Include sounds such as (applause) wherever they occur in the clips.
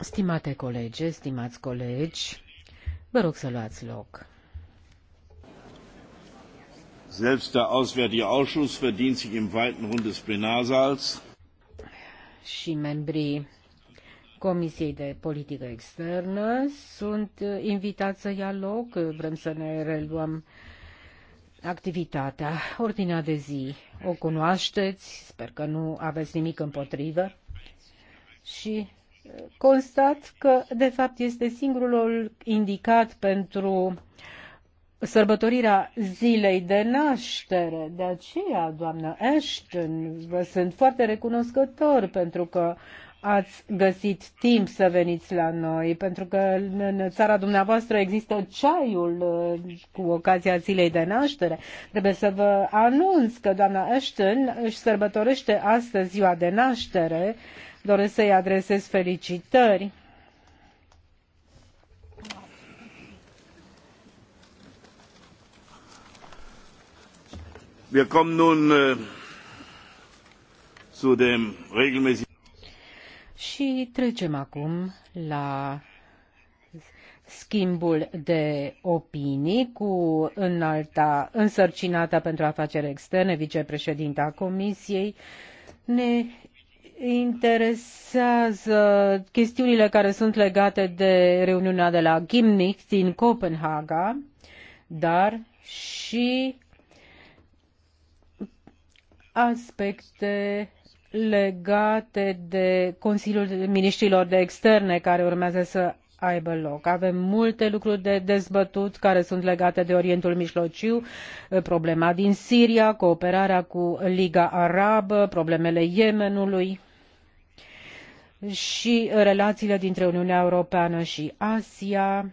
Stimate colege, stimați colegi, vă rog să luați loc. Selbst der Auswärtige Ausschuss verdient sich im weiten Rund des Plenarsaals. Și membrii Comisiei de Politică Externă sunt invitați să ia loc. Vrem să ne reluăm activitatea. Ordinea de zi o cunoașteți, sper că nu aveți nimic împotrivă și uh, constat că, de fapt, este singurul indicat pentru sărbătorirea zilei de naștere. De aceea, doamnă Ashton, vă sunt foarte recunoscător pentru că ați găsit timp să veniți la noi, pentru că în țara dumneavoastră există ceaiul uh, cu ocazia zilei de naștere. Trebuie să vă anunț că doamna Ashton își sărbătorește astăzi ziua de naștere doresc să i adresez felicitări Wir kommen nun äh, zu dem regelmäßigen și trecem acum la schimbul de opinii cu înalta însărcinată pentru afaceri externe, vicepreședinta Comisiei. Ne interesează chestiunile care sunt legate de reuniunea de la Gimnich din Copenhaga, dar și aspecte legate de Consiliul Ministrilor de Externe care urmează să aibă loc. Avem multe lucruri de dezbătut care sunt legate de Orientul Mijlociu, problema din Siria, cooperarea cu Liga Arabă, problemele Yemenului și relațiile dintre Uniunea Europeană și Asia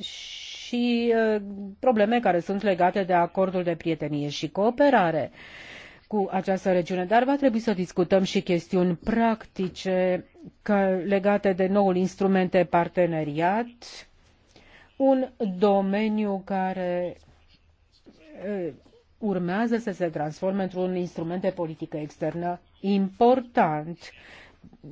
și uh, probleme care sunt legate de acordul de prietenie și cooperare cu această regiune, dar va trebui să discutăm și chestiuni practice legate de noul instrument de parteneriat, un domeniu care uh, urmează să se transforme într-un instrument de politică externă important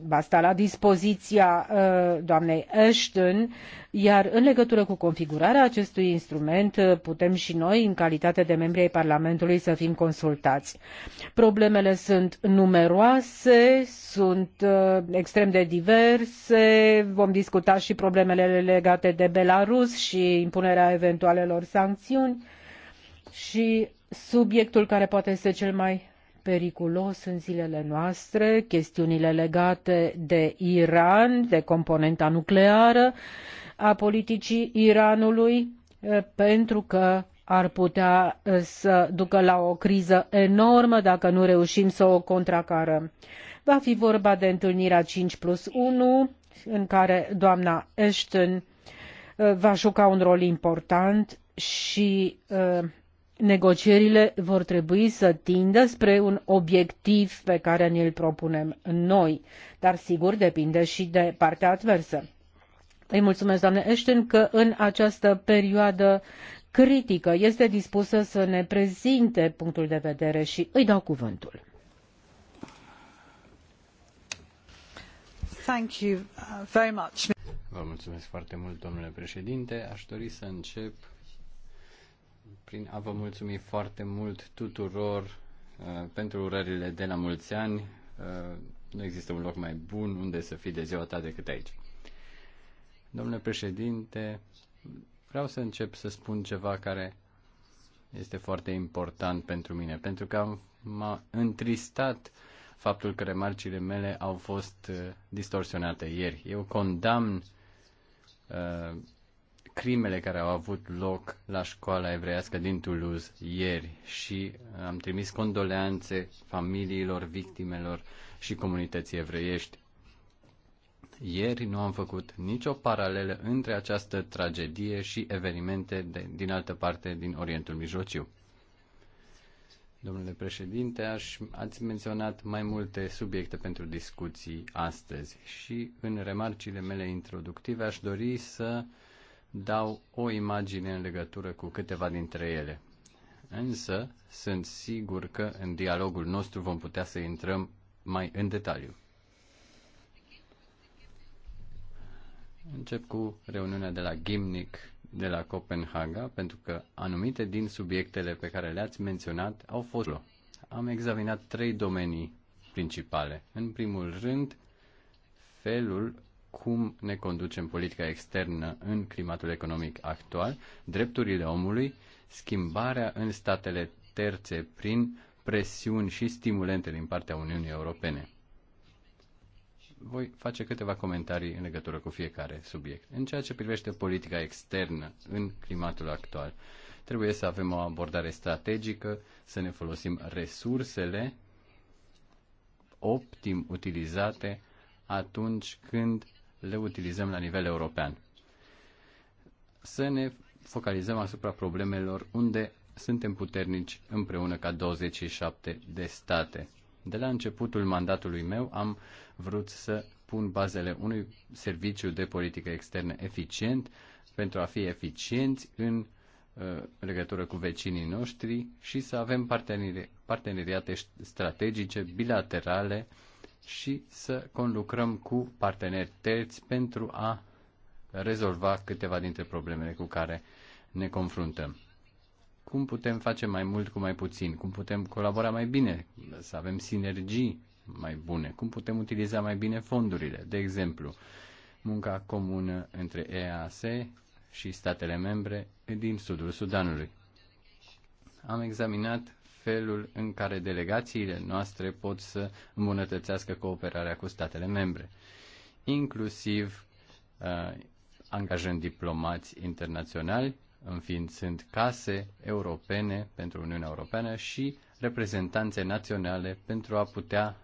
va sta la dispoziția uh, doamnei Ashton, iar în legătură cu configurarea acestui instrument uh, putem și noi, în calitate de membri ai Parlamentului, să fim consultați. Problemele sunt numeroase, sunt uh, extrem de diverse, vom discuta și problemele legate de Belarus și impunerea eventualelor sancțiuni și subiectul care poate este cel mai periculos în zilele noastre, chestiunile legate de Iran, de componenta nucleară a politicii Iranului, eh, pentru că ar putea eh, să ducă la o criză enormă dacă nu reușim să o contracarăm. Va fi vorba de întâlnirea 5 plus 1, în care doamna Ashton eh, va juca un rol important și negocierile vor trebui să tindă spre un obiectiv pe care ne l propunem noi, dar sigur depinde și de partea adversă. Îi mulțumesc, doamne Ashton, că în această perioadă critică este dispusă să ne prezinte punctul de vedere și îi dau cuvântul. Thank you uh, very much. Vă mulțumesc foarte mult, domnule președinte. Aș dori să încep prin a vă mulțumi foarte mult tuturor uh, pentru urările de la mulți ani. Uh, nu există un loc mai bun unde să fii de ziua ta decât aici. Domnule președinte, vreau să încep să spun ceva care este foarte important pentru mine, pentru că m-a întristat faptul că remarcile mele au fost uh, distorsionate ieri. Eu condamn uh, crimele care au avut loc la școala evreiască din Toulouse ieri și am trimis condoleanțe familiilor, victimelor și comunității evreiești. Ieri nu am făcut nicio paralelă între această tragedie și evenimente de, din altă parte din Orientul Mijlociu. Domnule președinte, aș, ați menționat mai multe subiecte pentru discuții astăzi și în remarcile mele introductive aș dori să uh, dau o imagine în legătură cu câteva dintre ele. Însă, sunt sigur că în dialogul nostru vom putea să intrăm mai în detaliu. Încep cu reuniunea de la Gimnic de la Copenhaga, pentru că anumite din subiectele pe care le-ați menționat au fost. Am examinat trei domenii principale. În primul rând, felul cum ne conducem politica externă în climatul economic actual, drepturile omului, schimbarea în statele terțe prin presiuni și stimulente din partea Uniunii Europene. Voi face câteva comentarii în legătură cu fiecare subiect. În ceea ce privește politica externă în climatul actual, trebuie să avem o abordare strategică, să ne folosim resursele optim utilizate atunci când le utilizăm la nivel european. Să ne focalizăm asupra problemelor unde suntem puternici împreună ca 27 de state. De la începutul mandatului meu am vrut să pun bazele unui serviciu de politică externă eficient pentru a fi eficienți în uh, legătură cu vecinii noștri și să avem parteneri- parteneriate strategice bilaterale uh, și să conlucrăm cu parteneri terți pentru a rezolva câteva dintre problemele cu care ne confruntăm. Cum putem face mai mult cu mai puțin? Cum putem colabora mai bine? Să avem sinergii mai bune? Cum putem utiliza mai bine fondurile? De exemplu, munca comună între EAS și statele membre din sudul Sudanului. Am examinat felul în care delegațiile noastre pot să îmbunătățească cooperarea cu statele membre, inclusiv uh, angajând diplomați internaționali, înființând case europene pentru Uniunea Europeană și reprezentanțe naționale pentru a putea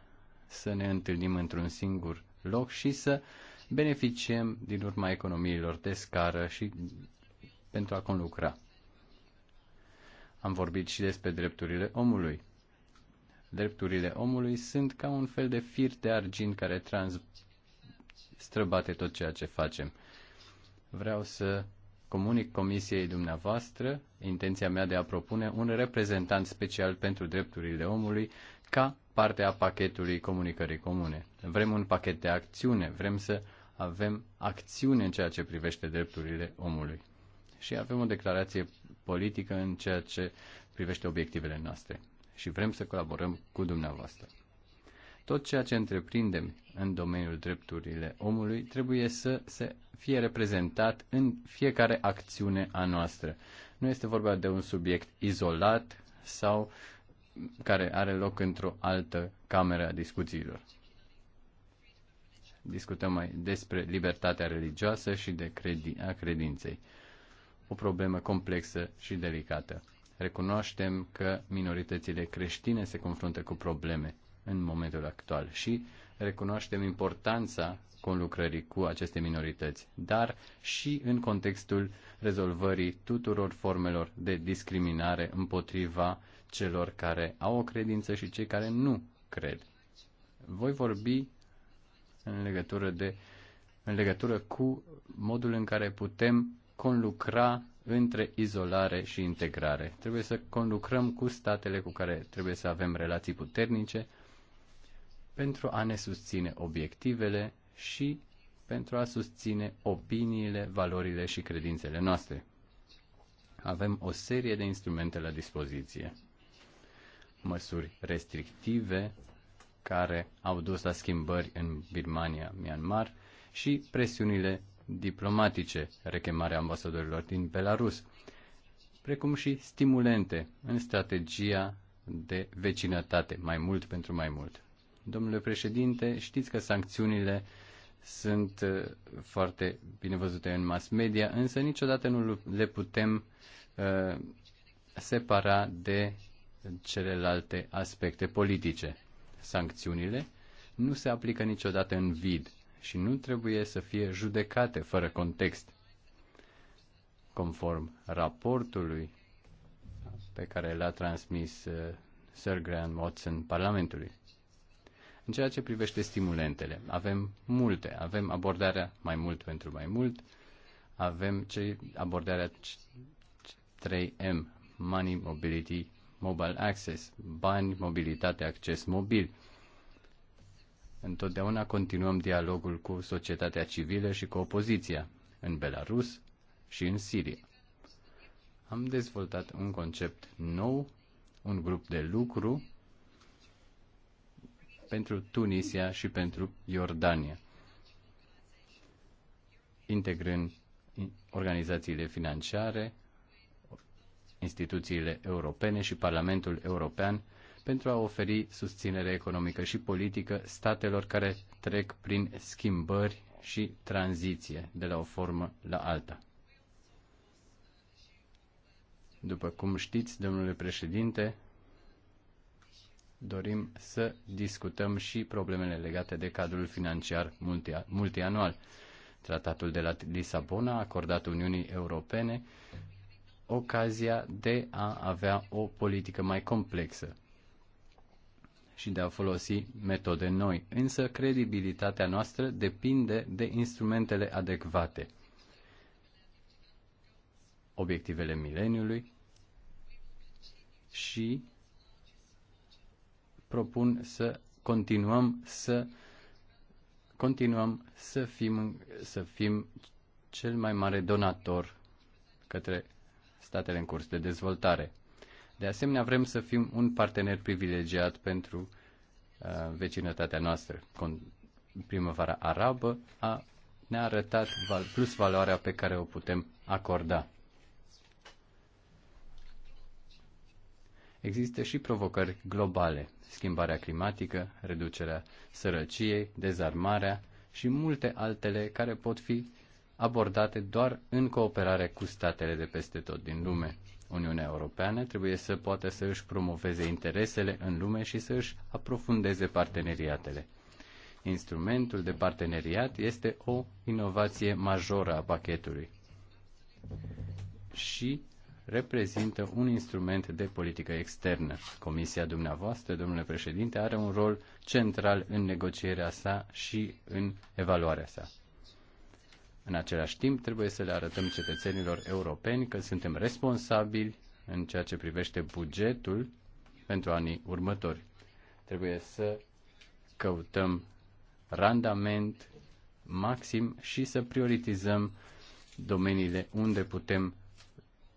să ne întâlnim într-un singur loc și să beneficiem din urma economiilor de scară și pentru a conlucra. Am vorbit și despre drepturile omului. Drepturile omului sunt ca un fel de fir de argint care trans străbate tot ceea ce facem. Vreau să comunic comisiei dumneavoastră intenția mea de a propune un reprezentant special pentru drepturile omului ca parte a pachetului comunicării comune. Vrem un pachet de acțiune, vrem să avem acțiune în ceea ce privește drepturile omului. Și avem o declarație politică în ceea ce privește obiectivele noastre și vrem să colaborăm cu dumneavoastră. Tot ceea ce întreprindem în domeniul drepturile omului trebuie să se fie reprezentat în fiecare acțiune a noastră. Nu este vorba de un subiect izolat sau care are loc într-o altă cameră a discuțiilor. Discutăm mai despre libertatea religioasă și de credi- a credinței o problemă complexă și delicată. Recunoaștem că minoritățile creștine se confruntă cu probleme în momentul actual și recunoaștem importanța conlucrării cu aceste minorități, dar și în contextul rezolvării tuturor formelor de discriminare împotriva celor care au o credință și cei care nu cred. Voi vorbi în legătură, de, în legătură cu modul în care putem conlucra între izolare și integrare. Trebuie să conlucrăm cu statele cu care trebuie să avem relații puternice pentru a ne susține obiectivele și pentru a susține opiniile, valorile și credințele noastre. Avem o serie de instrumente la dispoziție. Măsuri restrictive care au dus la schimbări în Birmania, Myanmar și presiunile diplomatice, rechemarea ambasadorilor din Belarus, precum și stimulente în strategia de vecinătate, mai mult pentru mai mult. Domnule președinte, știți că sancțiunile sunt uh, foarte bine văzute în mass media, însă niciodată nu le putem uh, separa de celelalte aspecte politice. Sancțiunile nu se aplică niciodată în vid și nu trebuie să fie judecate fără context. Conform raportului pe care l-a transmis uh, Sir Graham Watson Parlamentului. În ceea ce privește stimulentele, avem multe. Avem abordarea mai mult pentru mai mult, avem cei, abordarea 3M, Money, Mobility, Mobile Access, bani, mobilitate, acces mobil. Întotdeauna continuăm dialogul cu societatea civilă și cu opoziția, în Belarus și în Siria. Am dezvoltat un concept nou, un grup de lucru pentru Tunisia și pentru Iordania, integrând organizațiile financiare, instituțiile europene și Parlamentul European pentru a oferi susținere economică și politică statelor care trec prin schimbări și tranziție de la o formă la alta. După cum știți, domnule președinte, dorim să discutăm și problemele legate de cadrul financiar multianual. Tratatul de la Lisabona a acordat Uniunii Europene ocazia de a avea o politică mai complexă și de a folosi metode noi. Însă credibilitatea noastră depinde de instrumentele adecvate. Obiectivele mileniului și propun să continuăm să continuăm să fim, să fim cel mai mare donator către statele în curs de dezvoltare. De asemenea, vrem să fim un partener privilegiat pentru uh, vecinătatea noastră. Con- primăvara arabă a, ne-a arătat val- plus valoarea pe care o putem acorda. Există și provocări globale, schimbarea climatică, reducerea sărăciei, dezarmarea și multe altele care pot fi abordate doar în cooperare cu statele de peste tot din lume. Uniunea Europeană trebuie să poată să își promoveze interesele în lume și să își aprofundeze parteneriatele. Instrumentul de parteneriat este o inovație majoră a pachetului și reprezintă un instrument de politică externă. Comisia dumneavoastră, domnule președinte, are un rol central în negocierea sa și în evaluarea sa. În același timp, trebuie să le arătăm cetățenilor europeni că suntem responsabili în ceea ce privește bugetul pentru anii următori. Trebuie să căutăm randament maxim și să prioritizăm domeniile unde putem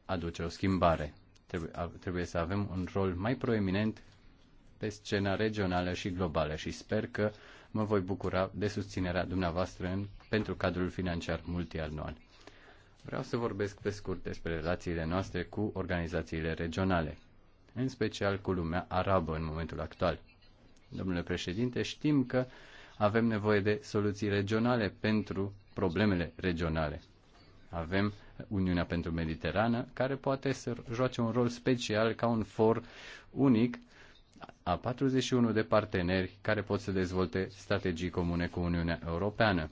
aduce o schimbare. Trebuie, trebuie să avem un rol mai proeminent pe scena regională și globală și sper că mă voi bucura de susținerea dumneavoastră în pentru cadrul financiar multianual. Vreau să vorbesc pe scurt despre relațiile noastre cu organizațiile regionale, în special cu lumea arabă în momentul actual. Domnule președinte, știm că avem nevoie de soluții regionale pentru problemele regionale. Avem Uniunea pentru Mediterană, care poate să joace un rol special ca un for unic a 41 de parteneri care pot să dezvolte strategii comune cu Uniunea Europeană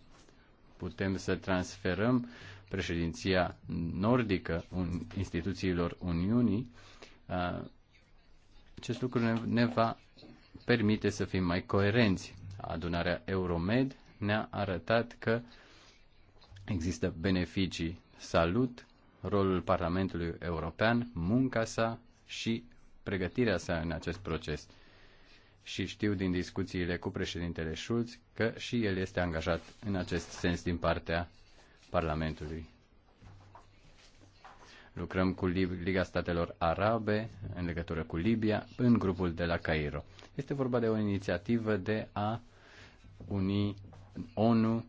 putem să transferăm președinția nordică un, instituțiilor Uniunii, acest lucru ne, ne va permite să fim mai coerenți. Adunarea Euromed ne-a arătat că există beneficii. Salut rolul Parlamentului European, munca sa și pregătirea sa în acest proces și știu din discuțiile cu președintele Schulz că și el este angajat în acest sens din partea Parlamentului. Lucrăm cu Liga Statelor Arabe în legătură cu Libia în grupul de la Cairo. Este vorba de o inițiativă de a uni ONU,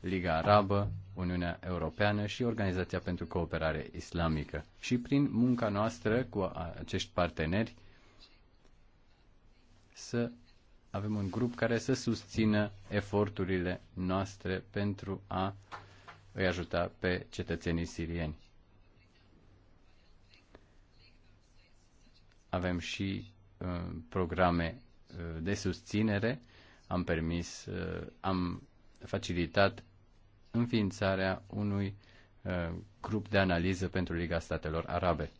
Liga Arabă, Uniunea Europeană și Organizația pentru Cooperare Islamică. Și prin munca noastră cu acești parteneri să avem un grup care să susțină eforturile noastre pentru a îi ajuta pe cetățenii sirieni. Avem și uh, programe uh, de susținere. Am permis, uh, am facilitat înființarea unui uh, grup de analiză pentru Liga Statelor Arabe.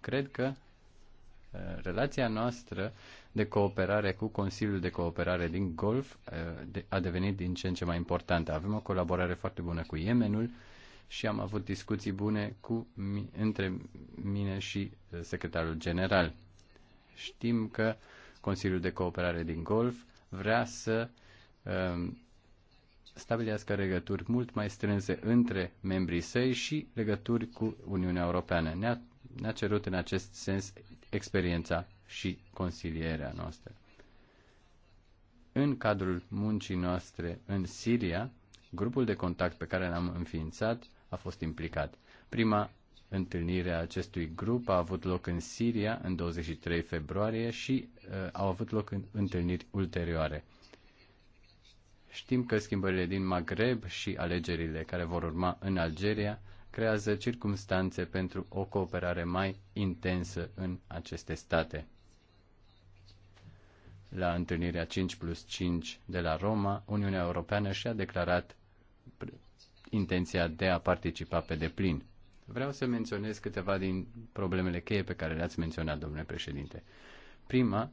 Cred că uh, relația noastră de cooperare cu Consiliul de Cooperare din Golf eh, a devenit din ce în ce mai importantă. Avem o colaborare foarte bună cu Yemenul și am avut discuții bune cu, între mine și eh, secretarul general. Știm că Consiliul de Cooperare din Golf vrea să um, stabilească legături mult mai strânse între membrii săi și legături cu Uniunea Europeană. Ne-a, ne-a cerut în acest sens experiența și consilierea noastră. În cadrul muncii noastre în Siria, grupul de contact pe care l-am înființat a fost implicat. Prima întâlnire a acestui grup a avut loc în Siria în 23 februarie și uh, au avut loc în întâlniri ulterioare. Știm că schimbările din Maghreb și alegerile care vor urma în Algeria creează circumstanțe pentru o cooperare mai intensă în aceste state. La întâlnirea 5 plus 5 de la Roma, Uniunea Europeană și-a declarat intenția de a participa pe deplin. Vreau să menționez câteva din problemele cheie pe care le-ați menționat, domnule președinte. Prima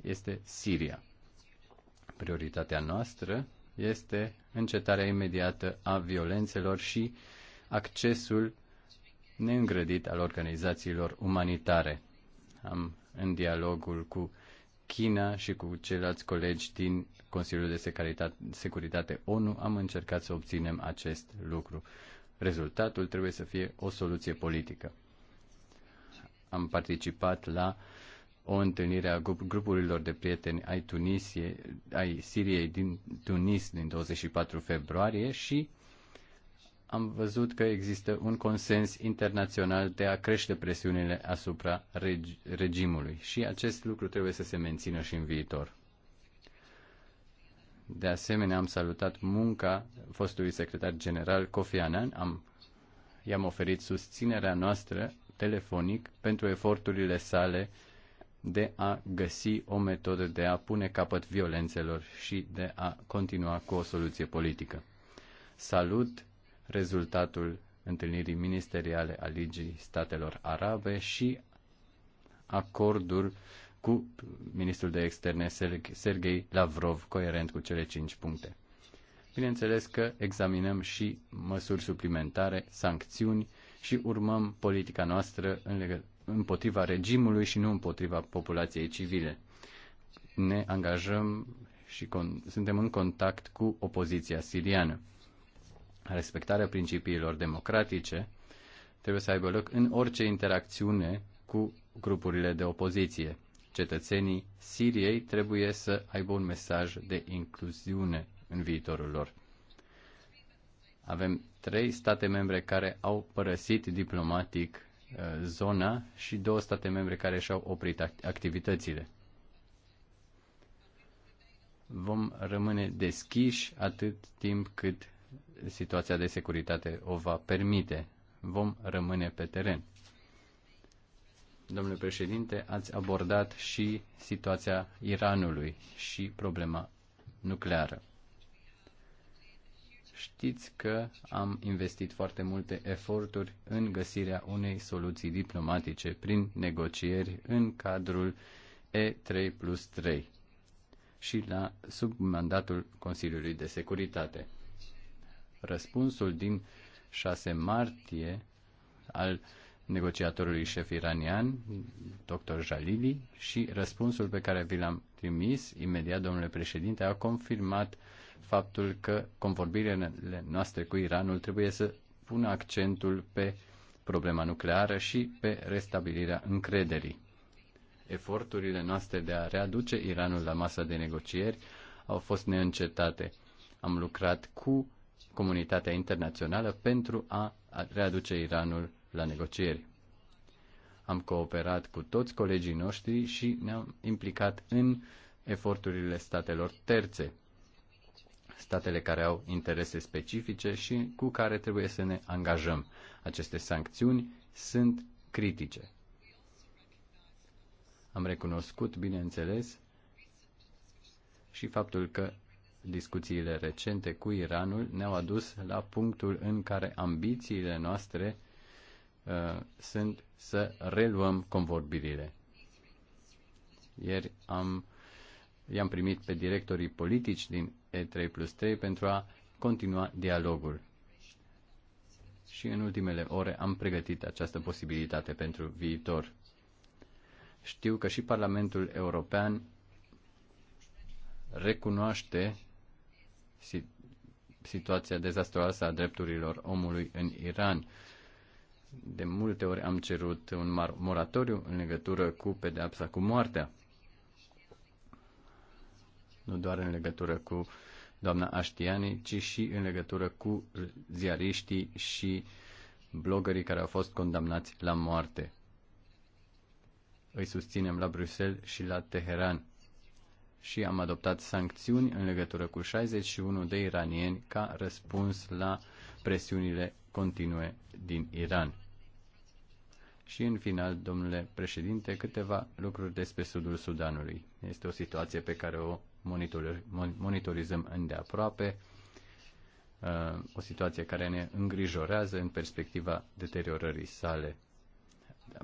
este Siria. Prioritatea noastră este încetarea imediată a violențelor și accesul neîngrădit al organizațiilor umanitare. Am în dialogul cu China și cu ceilalți colegi din Consiliul de Securitate ONU am încercat să obținem acest lucru. Rezultatul trebuie să fie o soluție politică. Am participat la o întâlnire a grupurilor de prieteni ai, Tunisie, ai Siriei din Tunis din 24 februarie și am văzut că există un consens internațional de a crește presiunile asupra reg- regimului și acest lucru trebuie să se mențină și în viitor. De asemenea, am salutat munca fostului secretar general Kofi Annan, am, i-am oferit susținerea noastră telefonic pentru eforturile sale de a găsi o metodă de a pune capăt violențelor și de a continua cu o soluție politică. Salut rezultatul întâlnirii ministeriale a Ligii Statelor Arabe și acordul cu ministrul de externe Sergei Lavrov, coerent cu cele cinci puncte. Bineînțeles că examinăm și măsuri suplimentare, sancțiuni și urmăm politica noastră în legă- împotriva regimului și nu împotriva populației civile. Ne angajăm și con- suntem în contact cu opoziția siriană respectarea principiilor democratice trebuie să aibă loc în orice interacțiune cu grupurile de opoziție. Cetățenii Siriei trebuie să aibă un mesaj de incluziune în viitorul lor. Avem trei state membre care au părăsit diplomatic uh, zona și două state membre care și-au oprit activitățile. Vom rămâne deschiși atât timp cât situația de securitate o va permite. Vom rămâne pe teren. Domnule președinte, ați abordat și situația Iranului și problema nucleară. Știți că am investit foarte multe eforturi în găsirea unei soluții diplomatice prin negocieri în cadrul E3 plus 3 și la submandatul Consiliului de Securitate. Răspunsul din 6 martie al negociatorului șef iranian, dr. Jalili, și răspunsul pe care vi l-am trimis imediat, domnule președinte, a confirmat faptul că convorbirile noastre cu Iranul trebuie să pună accentul pe problema nucleară și pe restabilirea încrederii. Eforturile noastre de a readuce Iranul la masa de negocieri au fost neîncetate. Am lucrat cu comunitatea internațională pentru a readuce Iranul la negocieri. Am cooperat cu toți colegii noștri și ne-am implicat în eforturile statelor terțe, statele care au interese specifice și cu care trebuie să ne angajăm. Aceste sancțiuni sunt critice. Am recunoscut, bineînțeles, și faptul că discuțiile recente cu Iranul ne-au adus la punctul în care ambițiile noastre uh, sunt să reluăm convorbirile. Ieri am, i-am primit pe directorii politici din E3 plus 3 pentru a continua dialogul. Și în ultimele ore am pregătit această posibilitate pentru viitor. Știu că și Parlamentul European recunoaște situația dezastroasă a drepturilor omului în Iran. De multe ori am cerut un moratoriu în legătură cu pedeapsa cu moartea. Nu doar în legătură cu doamna Aștiani, ci și în legătură cu ziariștii și blogării care au fost condamnați la moarte. Îi susținem la Bruxelles și la Teheran și am adoptat sancțiuni în legătură cu 61 de iranieni ca răspuns la presiunile continue din Iran. Și în final, domnule președinte, câteva lucruri despre sudul Sudanului. Este o situație pe care o monitorizăm îndeaproape, uh, o situație care ne îngrijorează în perspectiva deteriorării sale,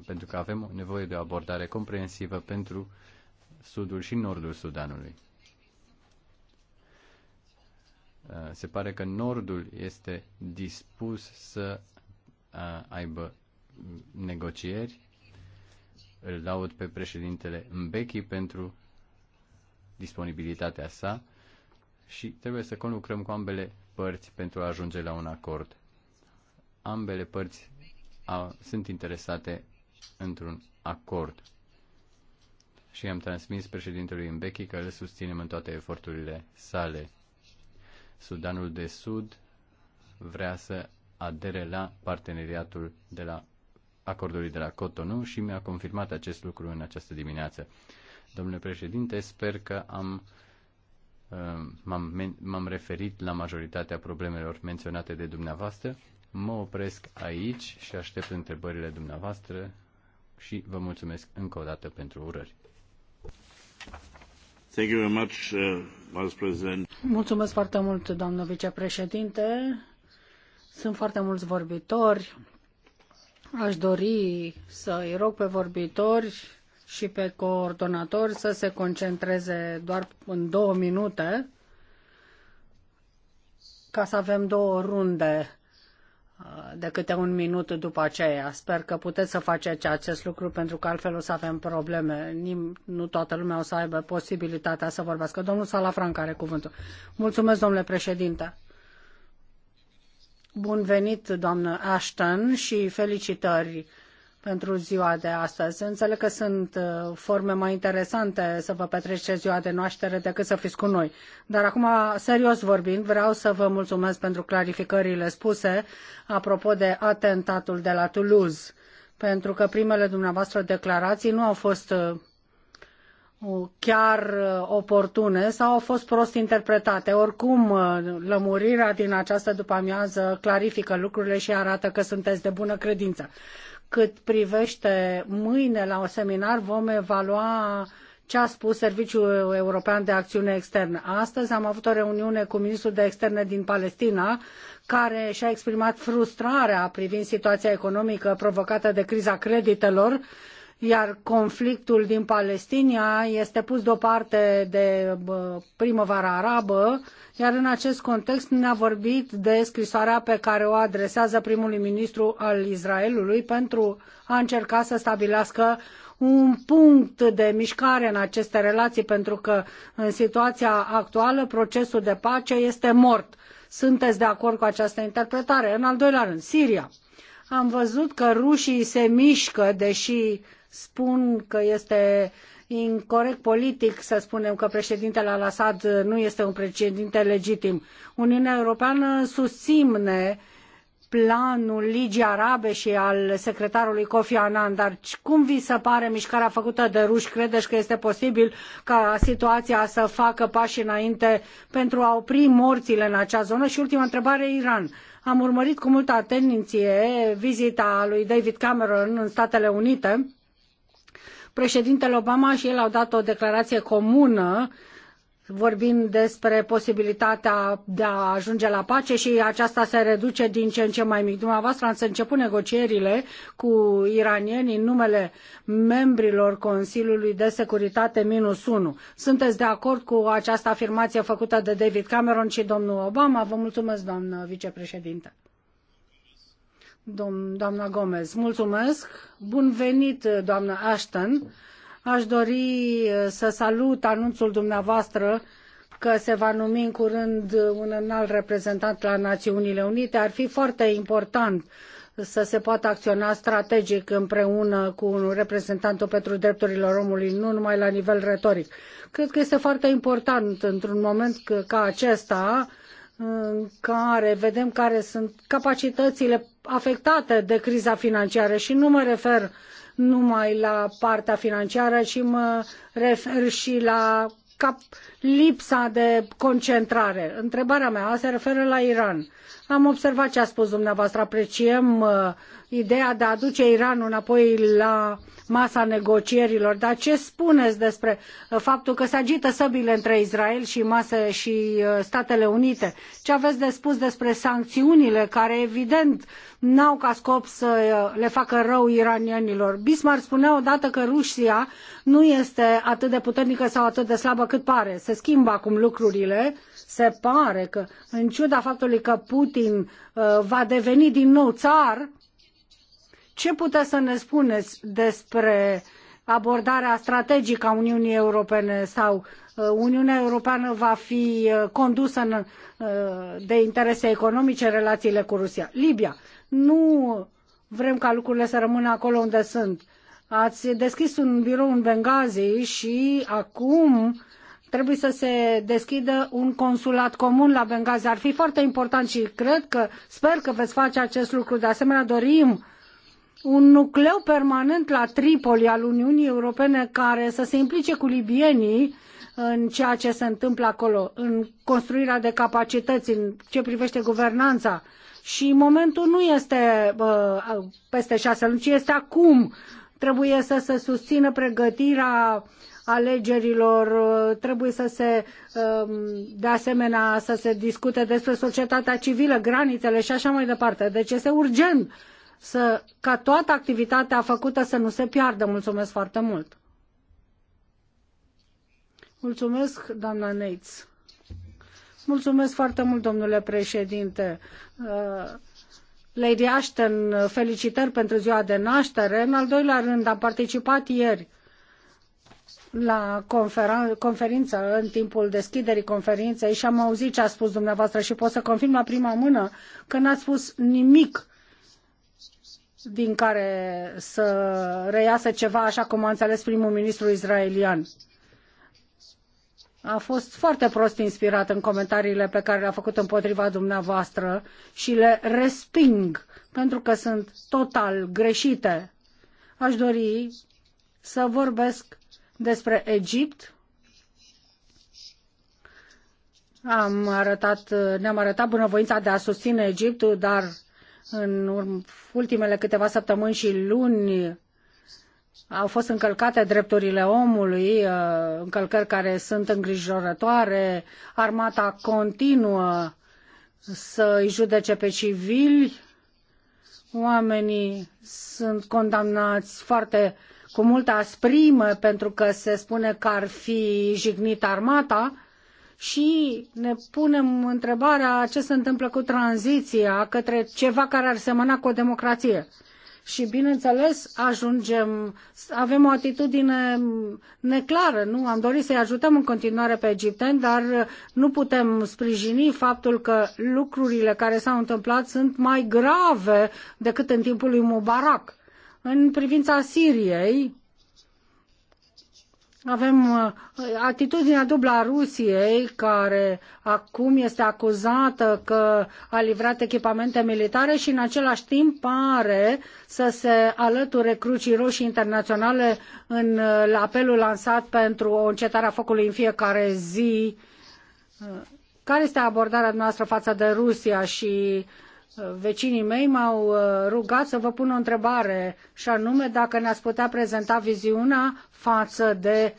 pentru că avem nevoie de o abordare comprensivă pentru sudul și nordul Sudanului. Uh, se pare că nordul este dispus să uh, aibă negocieri. Îl laud pe președintele Mbeki pentru disponibilitatea sa și trebuie să conlucrăm cu ambele părți pentru a ajunge la un acord. Ambele părți au, sunt interesate într-un acord și am transmis președintelui Mbeki că îl susținem în toate eforturile sale. Sudanul de Sud vrea să adere la parteneriatul de la acordului de la Cotonou și mi-a confirmat acest lucru în această dimineață. Domnule președinte, sper că am uh, m-am referit la majoritatea problemelor menționate de dumneavoastră. Mă opresc aici și aștept întrebările dumneavoastră și vă mulțumesc încă o dată pentru urări. Uh, Mulțumesc foarte mult, doamnă vicepreședinte. Sunt foarte mulți vorbitori. Aș dori să îi rog pe vorbitori și pe coordonatori să se concentreze doar în două minute ca să avem două runde Uh, de câte un minut după aceea. Sper că puteți să faceți acest lucru pentru că altfel o să avem probleme. Nim, nu toată lumea o să aibă posibilitatea să vorbească. Domnul Salafranc are cuvântul. Mulțumesc, domnule președinte. Bun venit, doamnă Ashton, și felicitări pentru ziua de astăzi. Înțeleg că sunt uh, forme mai interesante să vă petreceți ziua de naștere decât să fiți cu noi. Dar acum, serios vorbind, vreau să vă mulțumesc pentru clarificările spuse apropo de atentatul de la Toulouse, pentru că primele dumneavoastră declarații nu au fost uh, chiar uh, oportune sau au fost prost interpretate. Oricum, lămurirea din această după-amiază clarifică lucrurile și arată că sunteți de bună credință. Cât privește mâine la un seminar vom evalua ce a spus Serviciul European de Acțiune Externă. Astăzi am avut o reuniune cu ministrul de externe din Palestina, care și-a exprimat frustrarea privind situația economică provocată de criza creditelor iar conflictul din Palestina este pus deoparte de primăvara arabă, iar în acest context ne-a vorbit de scrisoarea pe care o adresează primului ministru al Israelului pentru a încerca să stabilească un punct de mișcare în aceste relații, pentru că în situația actuală procesul de pace este mort. Sunteți de acord cu această interpretare? În al doilea rând, Siria. Am văzut că rușii se mișcă, deși spun că este incorrect politic să spunem că președintele Al-Assad nu este un președinte legitim. Uniunea Europeană susține planul Ligii Arabe și al secretarului Kofi Annan, dar cum vi se pare mișcarea făcută de ruși? Credeți că este posibil ca situația să facă pași înainte pentru a opri morțile în acea zonă? Și ultima întrebare, Iran. Am urmărit cu multă atenție vizita lui David Cameron în Statele Unite Președintele Obama și el au dat o declarație comună vorbind despre posibilitatea de a ajunge la pace și aceasta se reduce din ce în ce mai mic. Dumneavoastră ați început negocierile cu iranienii în numele membrilor Consiliului de Securitate minus 1. Sunteți de acord cu această afirmație făcută de David Cameron și domnul Obama? Vă mulțumesc, doamnă vicepreședinte doamna Gomez. Mulțumesc. Bun venit, doamna Ashton. Aș dori uh, să salut anunțul dumneavoastră că se va numi în curând un înalt reprezentant la Națiunile Unite. Ar fi foarte important să se poată acționa strategic împreună cu reprezentantul pentru drepturile omului, nu numai la nivel retoric. Cred că este foarte important într-un moment ca acesta în care vedem care sunt capacitățile afectate de criza financiară și nu mă refer numai la partea financiară, ci mă refer și la cap, lipsa de concentrare. Întrebarea mea se referă la Iran. Am observat ce a spus dumneavoastră, apreciem uh, ideea de a aduce Iranul înapoi la masa negocierilor, dar ce spuneți despre uh, faptul că se agită săbile între Israel și, masă și uh, Statele Unite? Ce aveți de spus despre sancțiunile care evident n-au ca scop să uh, le facă rău iranienilor? Bismarck spunea odată că Rusia nu este atât de puternică sau atât de slabă cât pare. Se schimbă acum lucrurile. Uh, se pare că, în ciuda faptului că Putin uh, va deveni din nou țar, ce puteți să ne spuneți despre abordarea strategică a Uniunii Europene sau uh, Uniunea Europeană va fi uh, condusă în, de interese economice relațiile cu Rusia. Libia, nu vrem ca lucrurile să rămână acolo unde sunt. Ați deschis un birou în Benghazi și acum trebuie să se deschidă un consulat comun la Benghazi. Ar fi foarte important și cred că, sper că veți face acest lucru. De asemenea, dorim un nucleu permanent la Tripoli al Uniunii Europene care să se implice cu libienii în ceea ce se întâmplă acolo, în construirea de capacități, în ce privește guvernanța. Și momentul nu este peste șase luni, ci este acum. Trebuie să se susțină pregătirea uh, alegerilor, uh, trebuie să se, um, de asemenea, să se discute despre societatea civilă, granițele și așa mai departe. Deci este urgent să, ca toată activitatea făcută să nu se piardă. Mulțumesc foarte mult! Mulțumesc, doamna Neitz. Mulțumesc foarte mult, domnule președinte. Uh, Lady Ashton, felicitări pentru ziua de naștere. În al doilea rând, am participat ieri la conferință, în timpul deschiderii conferinței și am auzit ce a spus dumneavoastră și pot să confirm la prima mână că n-ați spus nimic din care să reiasă ceva așa cum a înțeles primul ministru israelian. A fost foarte prost inspirat în comentariile pe care le-a făcut împotriva dumneavoastră și le resping pentru că sunt total greșite. Aș dori să vorbesc despre Egipt. Am arătat, ne-am arătat bunăvoința de a susține Egiptul, dar în ultimele câteva săptămâni și luni au fost încălcate drepturile omului, uh, încălcări care sunt îngrijorătoare, armata continuă să îi judece pe civili, oamenii sunt condamnați foarte cu multă asprime pentru că se spune că ar fi jignit armata și ne punem întrebarea ce se întâmplă cu tranziția către ceva care ar semăna cu o democrație. Și bineînțeles ajungem, avem o atitudine neclară, nu? Am dorit să-i ajutăm în continuare pe egipteni, dar nu putem sprijini faptul că lucrurile care s-au întâmplat sunt mai grave decât în timpul lui Mubarak în privința Siriei, avem uh, atitudinea dublă a Rusiei, care acum este acuzată că a livrat echipamente militare și în același timp pare să se alăture Crucii Roșii Internaționale în uh, apelul lansat pentru o încetare a focului în fiecare zi. Uh, care este abordarea noastră față de Rusia și vecinii mei m-au uh, rugat să vă pun o întrebare și anume dacă ne-ați putea prezenta viziunea față de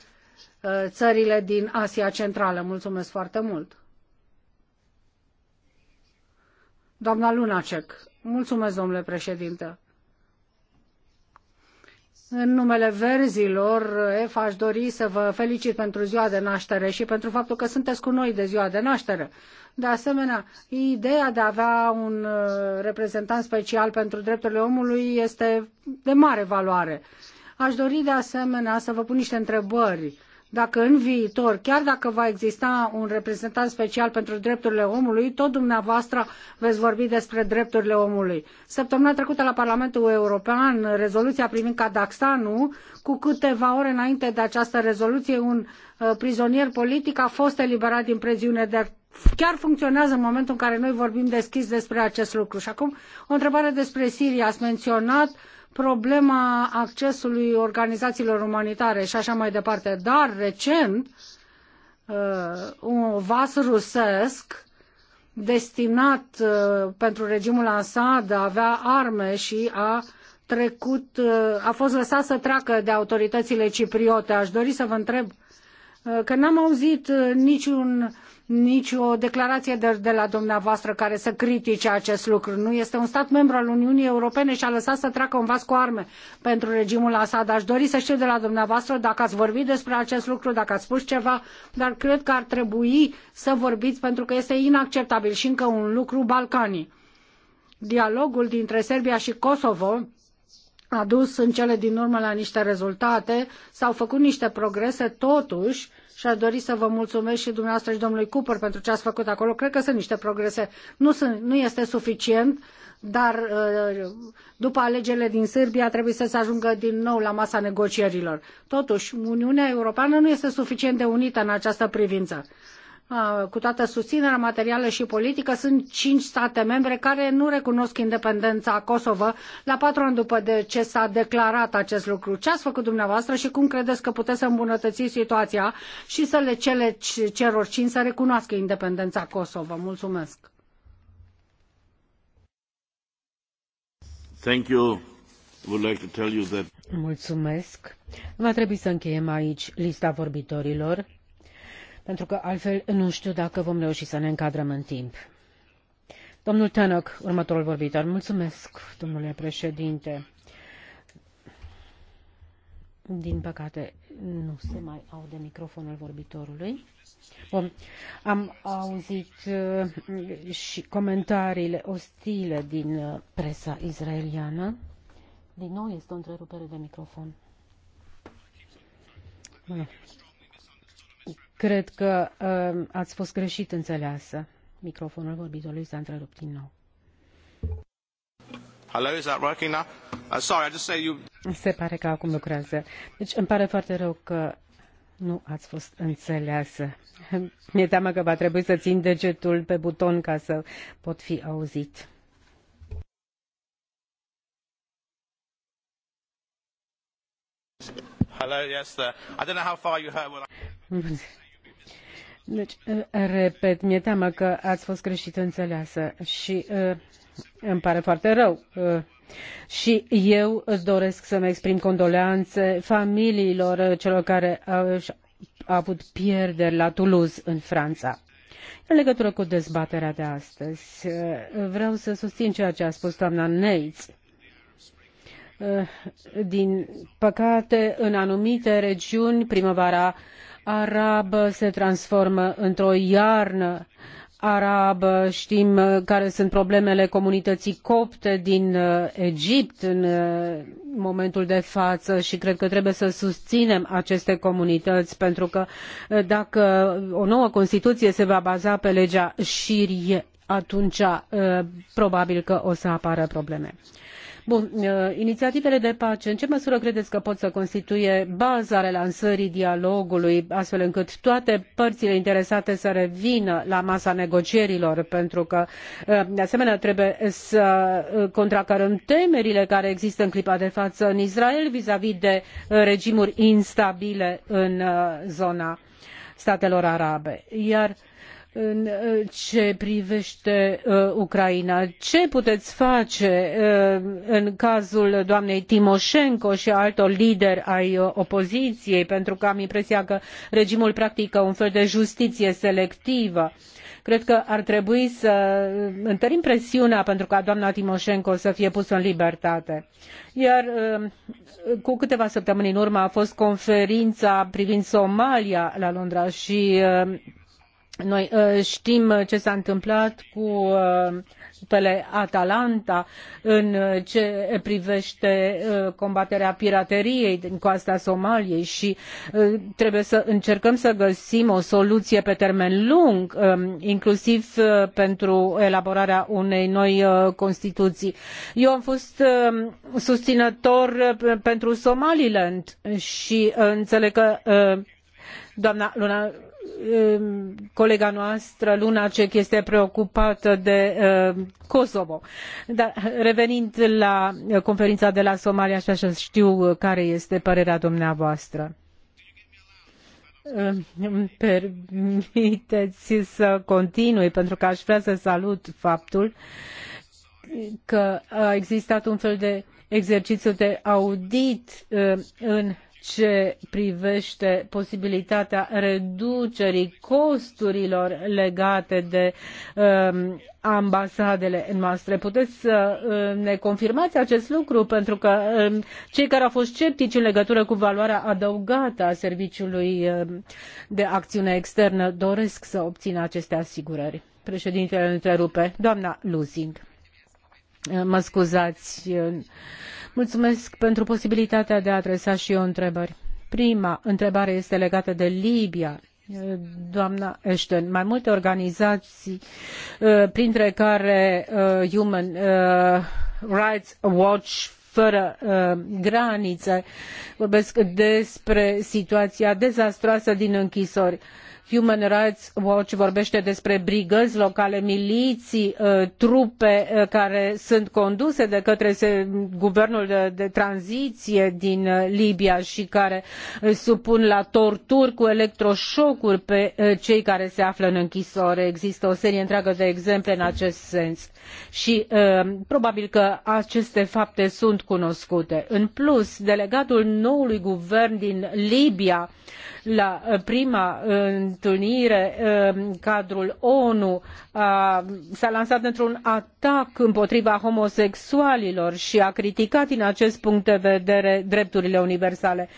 uh, țările din Asia Centrală. Mulțumesc foarte mult! Doamna Lunacek, mulțumesc, domnule președinte. În numele verzilor, EF, aș dori să vă felicit pentru ziua de naștere și pentru faptul că sunteți cu noi de ziua de naștere. De asemenea, ideea de a avea un uh, reprezentant special pentru drepturile omului este de mare valoare. Aș dori de asemenea să vă pun niște întrebări. Dacă în viitor, chiar dacă va exista un reprezentant special pentru drepturile omului, tot dumneavoastră veți vorbi despre drepturile omului. Săptămâna trecută la Parlamentul European, rezoluția privind Kazahstanul, cu câteva ore înainte de această rezoluție, un uh, prizonier politic a fost eliberat din preziune, de chiar funcționează în momentul în care noi vorbim deschis despre acest lucru. Și acum o întrebare despre Siria. Ați menționat problema accesului organizațiilor umanitare și așa mai departe, dar recent uh, un vas rusesc destinat uh, pentru regimul Assad avea arme și a trecut, uh, a fost lăsat să treacă de autoritățile cipriote. Aș dori să vă întreb că n-am auzit niciun nicio declarație de, de la dumneavoastră care să critique acest lucru. Nu este un stat membru al Uniunii Europene și a lăsat să treacă un vas cu arme pentru regimul Assad. Aș dori să știu de la dumneavoastră dacă ați vorbit despre acest lucru, dacă ați spus ceva, dar cred că ar trebui să vorbiți pentru că este inacceptabil și încă un lucru Balcanii. Dialogul dintre Serbia și Kosovo a dus în cele din urmă la niște rezultate, s-au făcut niște progrese, totuși și aș dori să vă mulțumesc și dumneavoastră și domnului Cooper pentru ce ați făcut acolo. Cred că sunt niște progrese. Nu, sunt, nu este suficient, dar uh, după alegerile din Serbia trebuie să se ajungă din nou la masa negocierilor. Totuși, Uniunea Europeană nu este suficient de unită în această privință cu toată susținerea materială și politică, sunt cinci state membre care nu recunosc independența Kosovo la patru ani după de ce s-a declarat acest lucru. Ce ați făcut dumneavoastră și cum credeți că puteți să îmbunătățiți situația și să le cele celor cinci să recunoască independența Kosovo? Mulțumesc! Thank you. Would like to tell you that... Mulțumesc. Va trebui să încheiem aici lista vorbitorilor pentru că altfel nu știu dacă vom reuși să ne încadrăm în timp. Domnul Tanăc, următorul vorbitor. Mulțumesc, domnule președinte. Din păcate, nu se mai aude microfonul vorbitorului. Bun. Am auzit uh, și comentariile ostile din uh, presa israeliană. Din nou este o întrerupere de microfon. Bun. Cred că uh, ați fost greșit înțeleasă. Microfonul vorbitorului s-a întrerupt din nou. Hello, is that working now? Uh, sorry, I just say you... Se pare că acum lucrează. Deci îmi pare foarte rău că nu ați fost înțeleasă. (laughs) Mi-e teamă că va trebui să țin degetul pe buton ca să pot fi auzit. Hello, yes, sir. I don't know how far you heard what I... Deci, repet, mi-e teamă că ați fost greșit înțeleasă și uh, îmi pare foarte rău. Uh, și eu îți doresc să-mi exprim condoleanțe familiilor celor care au, au avut pierderi la Toulouse, în Franța. În legătură cu dezbaterea de astăzi, vreau să susțin ceea ce a spus doamna Neitz. Din păcate, în anumite regiuni, primăvara uh, arabă se transformă într o iarnă arabă știm uh, care sunt problemele comunității copte din uh, egipt în uh, momentul de față și cred că trebuie să susținem aceste comunități pentru că dacă o nouă constituție se va baza pe legea șirie atunci probabil că o să apară probleme. Bun, uh, inițiativele de pace, în ce măsură credeți că pot să constituie baza relansării dialogului, astfel încât toate părțile interesate să revină la masa negocierilor, pentru că, uh, de asemenea, trebuie să uh, contracarăm temerile care există în clipa de față în Israel vizavi de regimuri instabile în zona statelor arabe. Iar în uh, ce privește uh, Ucraina. Ce puteți face uh, în cazul doamnei i și altor lideri ai opoziiei opoziției? Pentru că am impresia că regimul practică un fel de justiție selectivă. Cred că ar trebui să întărim presiunea pentru ca doamna timoenko să fie pusă în libertate. Iar cu câteva săptămâni în urmă a fost conferința privind Somalia la Londra și noi uh, știm ce s-a întâmplat cu pele uh, Atalanta în uh, ce privește combaterea pirateriei din coasta Somaliei și trebuie să încercăm să găsim o soluție pe termen lung, um, inclusiv pentru elaborarea unei noi Constituții. Eu am fost um, susținător pentru Somaliland și înțeleg că doamna Luna colega noastră lunacek este preocupată de uh, kosovo dar revenind la conferința de la somalia a vrea să știu uh, care este părerea dumneavoastră. Uh, îmi permiteți să continui, pentru că aș vrea să salut faptul că a existat un fel de exercițiu de audit în ce privește posibilitatea reducerii costurilor legate de um, ambasadele noastre. Puteți să uh, ne confirmați acest lucru? Pentru că um, cei care au fost sceptici în legătură cu valoarea adăugată a Serviciului um, de Acțiune Externă doresc să obțină aceste asigurări. Președintele întrerupe. Doamna Luzing, uh, mă scuzați. Uh, Mulțumesc pentru posibilitatea de a adresa și eu întrebări. Prima întrebare este legată de Libia. Doamna Ashton, mai multe organizații, uh, printre care uh, Human uh, Rights Watch, fără granițe, vorbesc despre situația dezastroasă din închisori Human Rights Watch vorbește despre brigăzi locale, miliii uh, trupe uh, care sunt conduse de către guvernul de, tranziie din uh, Libia și care supun la torturi cu electroșocuri pe cei care se află în închisoare. Există o serie întreagă de exemple în acest sens și probabil că aceste fapte sunt cunoscute. În plus, delegatul noului guvern din Libia la eh, prima eh, întâlnire eh, în cadrul onu s a lansat într un atac împotriva homosexualilor și a criticat din acest punct de vedere drepturile universale.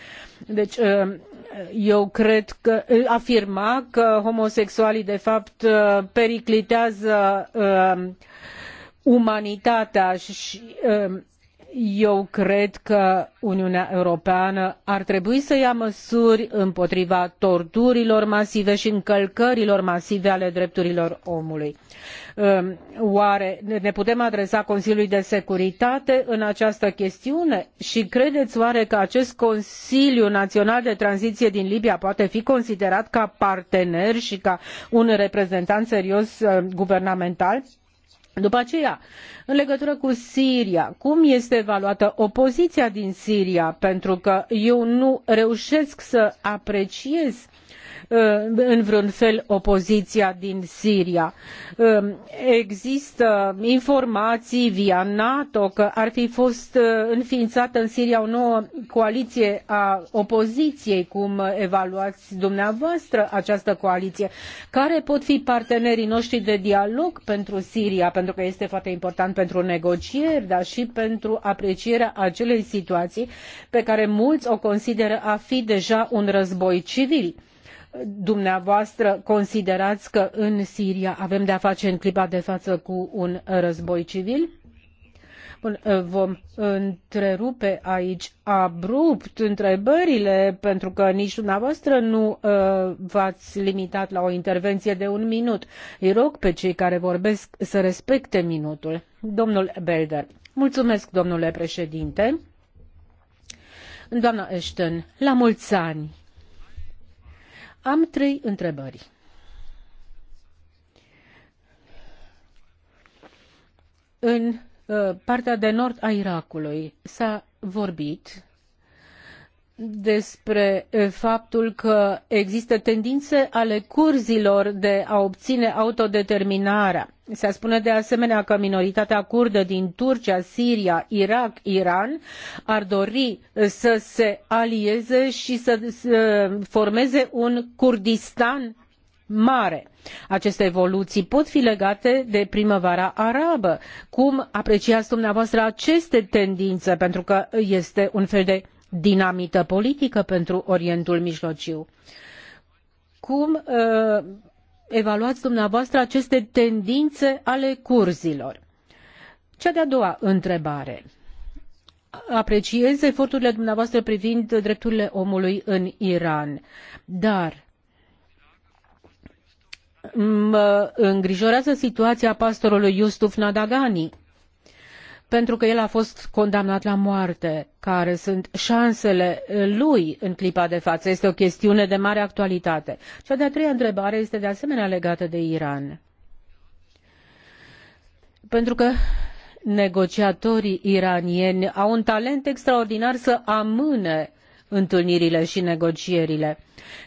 deci eu cred că afirma că homosexualii de fapt periclitează umanitatea și eu cred că uniunea europeană ar trebui să ia măsuri împotriva torturilor masive și încălcărilor masive ale drepturilor omului. Ehm, oare ne putem adresa consiliului de securitate în această chestiune și credei oare că acest consiliu național de tranziie din libia poate fi considerat ca partener și ca un reprezentant serios ehm, guvernamental? După aceea, în legătură cu Siria, cum este evaluată opoziția din Siria? Pentru că eu nu reușesc să apreciez uh, Uh, în vreun fel opoziția din Siria. Um, există informații via NATO că ar fi fost uh, înființată în Siria o nouă coaliție a opoziției, cum evaluați dumneavoastră această coaliție. Care pot fi partenerii noștri de dialog pentru Siria, pentru că este foarte important pentru negocieri, dar și pentru aprecierea acelei situații pe care mulți o consideră a fi deja un război civil dumneavoastră considerați că în Siria avem de-a face în clipa de față cu un război civil? Bun, uh, vom întrerupe aici abrupt întrebările, pentru că nici dumneavoastră nu uh, v-ați limitat la o intervenție de un minut. Îi rog pe cei care vorbesc să respecte minutul. Domnul Belder. Mulțumesc, domnule președinte. Doamna Ashton, la mulți ani! Am trei întrebări. În uh, partea de nord a Irakului s-a vorbit despre eh, faptul că există tendințe ale curzilor de a obține autodeterminarea. Se spune de asemenea că minoritatea curdă din Turcia, Siria, Irak, Iran ar dori eh, să se alieze și să eh, formeze un Kurdistan mare. Aceste evoluții pot fi legate de primăvara arabă. Cum apreciați dumneavoastră aceste tendințe? Pentru că este un fel de dinamită politică pentru Orientul Mijlociu. Cum uh, evaluați dumneavoastră aceste tendințe ale curzilor? Cea de-a doua întrebare. Apreciez eforturile dumneavoastră privind drepturile omului în Iran, dar mă îngrijorează situația pastorului Yusuf Nadagani pentru că el a fost condamnat la moarte. Care sunt șansele lui în clipa de față? Este o chestiune de mare actualitate. Cea de-a treia întrebare este de asemenea legată de Iran. Pentru că negociatorii iranieni au un talent extraordinar să amâne întâlnirile și negocierile.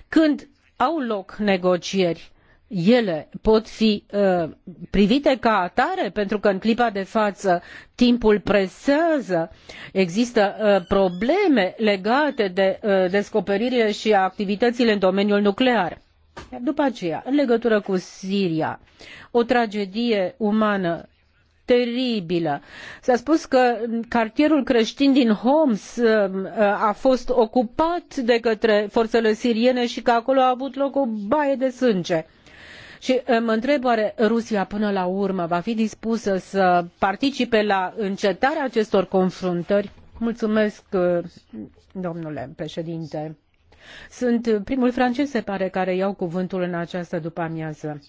Când au loc negocieri, ele pot fi uh, privite ca atare pentru că în clipa de față timpul presează există uh, probleme legate de uh, descoperirile și activitățile în domeniul nuclear. Iar după aceea, în legătură cu Siria, o tragedie umană teribilă. S-a spus că cartierul creștin din Homs a fost ocupat de către forțele siriene și că acolo a avut loc o baie de sânge. Și eh, mă întreb oare Rusia până la urmă va fi dispusă să participe la încetarea acestor confruntări? Mulțumesc, eh, domnule președinte. Sunt primul francez, se pare, care iau cuvântul în această după-amiază.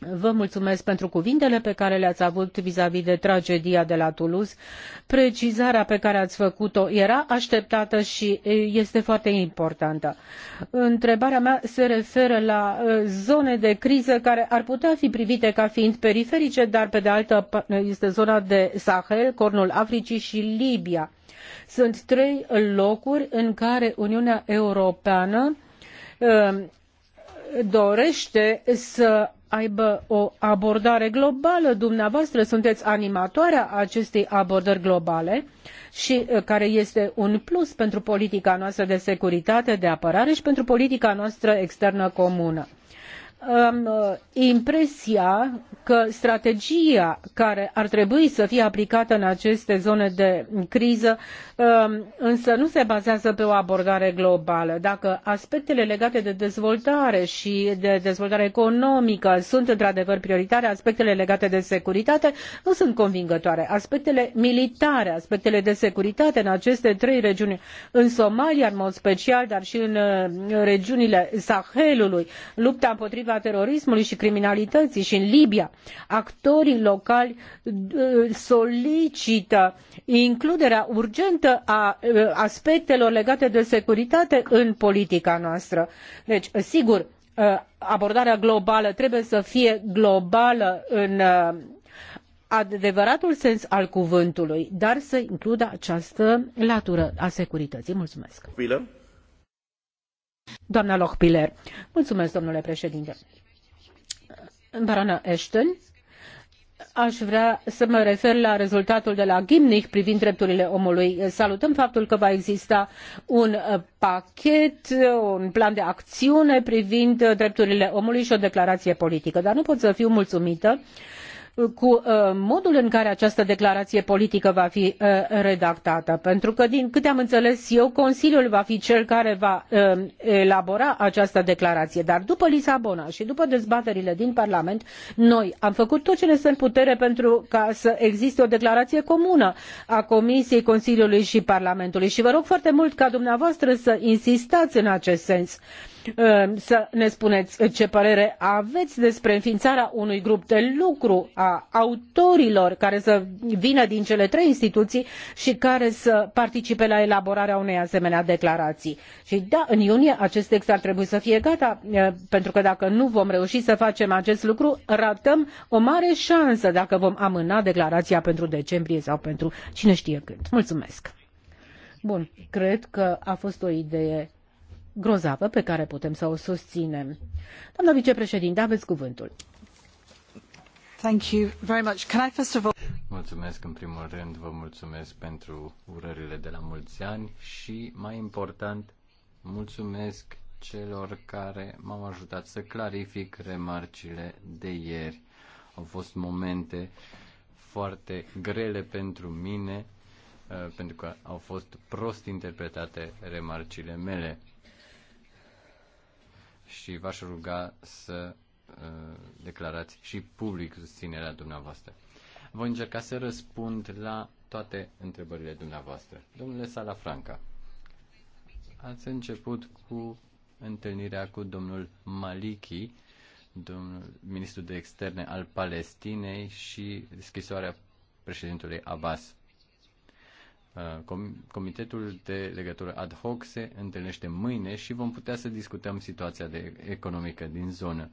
Vă mulțumesc pentru cuvintele pe care le-ați avut vis-a-vis -vis de tragedia de la Toulouse. Precizarea pe care ați făcut-o era așteptată și este foarte importantă. Întrebarea mea se referă la zone de criză care ar putea fi privite ca fiind periferice, dar pe de altă este zona de Sahel, Cornul Africii și Libia. Sunt trei locuri în care Uniunea Europeană dorește să aibă o abordare globală. Dumneavoastră sunteți animatoarea acestei abordări globale și uh, care este un plus pentru politica noastră de securitate, de apărare și pentru politica noastră externă comună am uh, impresia că strategia care ar trebui să fie aplicată în aceste zone de criză um, însă nu se bazează pe o abordare globală. Dacă aspectele legate de dezvoltare și de dezvoltare economică sunt într-adevăr prioritare, aspectele legate de securitate nu sunt convingătoare. Aspectele militare, aspectele de securitate în aceste trei regiuni, în Somalia în mod special, dar și în uh, regiunile Sahelului, lupta împotriva împotriva terorismului și criminalității și în Libia. Actorii locali uh, solicită includerea urgentă a uh, aspectelor legate de securitate în politica noastră. Deci, sigur, uh, abordarea globală trebuie să fie globală în adevăratul sens al cuvântului, dar să includă această latură a securității. Mulțumesc! Doamna mulțumesc, domnule președinte. Barana Ashton, Aș vrea să mă refer la rezultatul de la Gimnich privind drepturile omului. Salutăm faptul că va exista un uh, pachet, un plan de acțiune privind drepturile omului și o declarație politică, dar nu pot să fiu mulțumită uh, cu uh, modul în care această declarație politică va fi uh, redactată, pentru că, din câte am înțeles eu, Consiliul va fi cel care va uh, elabora această declarație. Dar după Lisabona și după dezbaterile din Parlament, noi am făcut tot ce ne stă în putere pentru ca să existe o declarație comună a Comisiei, Consiliului și Parlamentului. Și vă rog foarte mult ca dumneavoastră să insistați în acest sens. Ehm, să ne spuneți eh, ce părere aveți despre înființarea unui grup de lucru a autorilor care să vină din cele trei instituții și care să participe la elaborarea unei asemenea declarații. Și da, în iunie acest text ar trebui să fie gata, eh, pentru că dacă nu vom reuși să facem acest lucru, ratăm o mare șansă dacă vom amâna declarația pentru decembrie sau pentru cine știe când. Mulțumesc! Bun, cred că a fost o idee grozavă pe care putem să o susținem. Doamna vicepreședinte, aveți cuvântul. Thank you very much. Can I first of all... Mulțumesc în primul rând, vă mulțumesc pentru urările de la mulți ani și, mai important, mulțumesc celor care m-au ajutat să clarific remarcile de ieri. Au fost momente foarte grele pentru mine, uh, pentru că au fost prost interpretate remarcile mele și v-aș ruga să uh, declarați și public susținerea dumneavoastră. Voi încerca să răspund la toate întrebările dumneavoastră. Domnule Salafranca, ați început cu întâlnirea cu domnul Maliki, domnul ministru de externe al Palestinei și scrisoarea președintelui Abbas. Uh, comitetul de legătură ad hoc se întâlnește mâine și vom putea să discutăm situația de economică din zonă.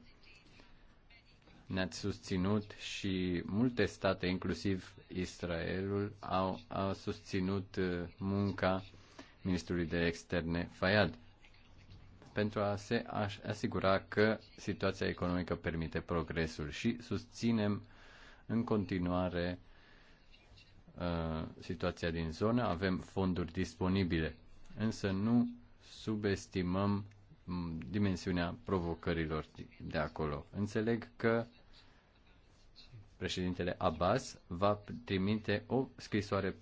Ne-ați susținut și multe state, inclusiv Israelul, au, au susținut uh, munca ministrului de externe Fayad pentru a se asigura că situația economică permite progresul și susținem în continuare uh, Uh, situația din zonă, avem fonduri disponibile, însă nu subestimăm dimensiunea provocărilor de acolo. Înțeleg că președintele Abbas va trimite o scrisoare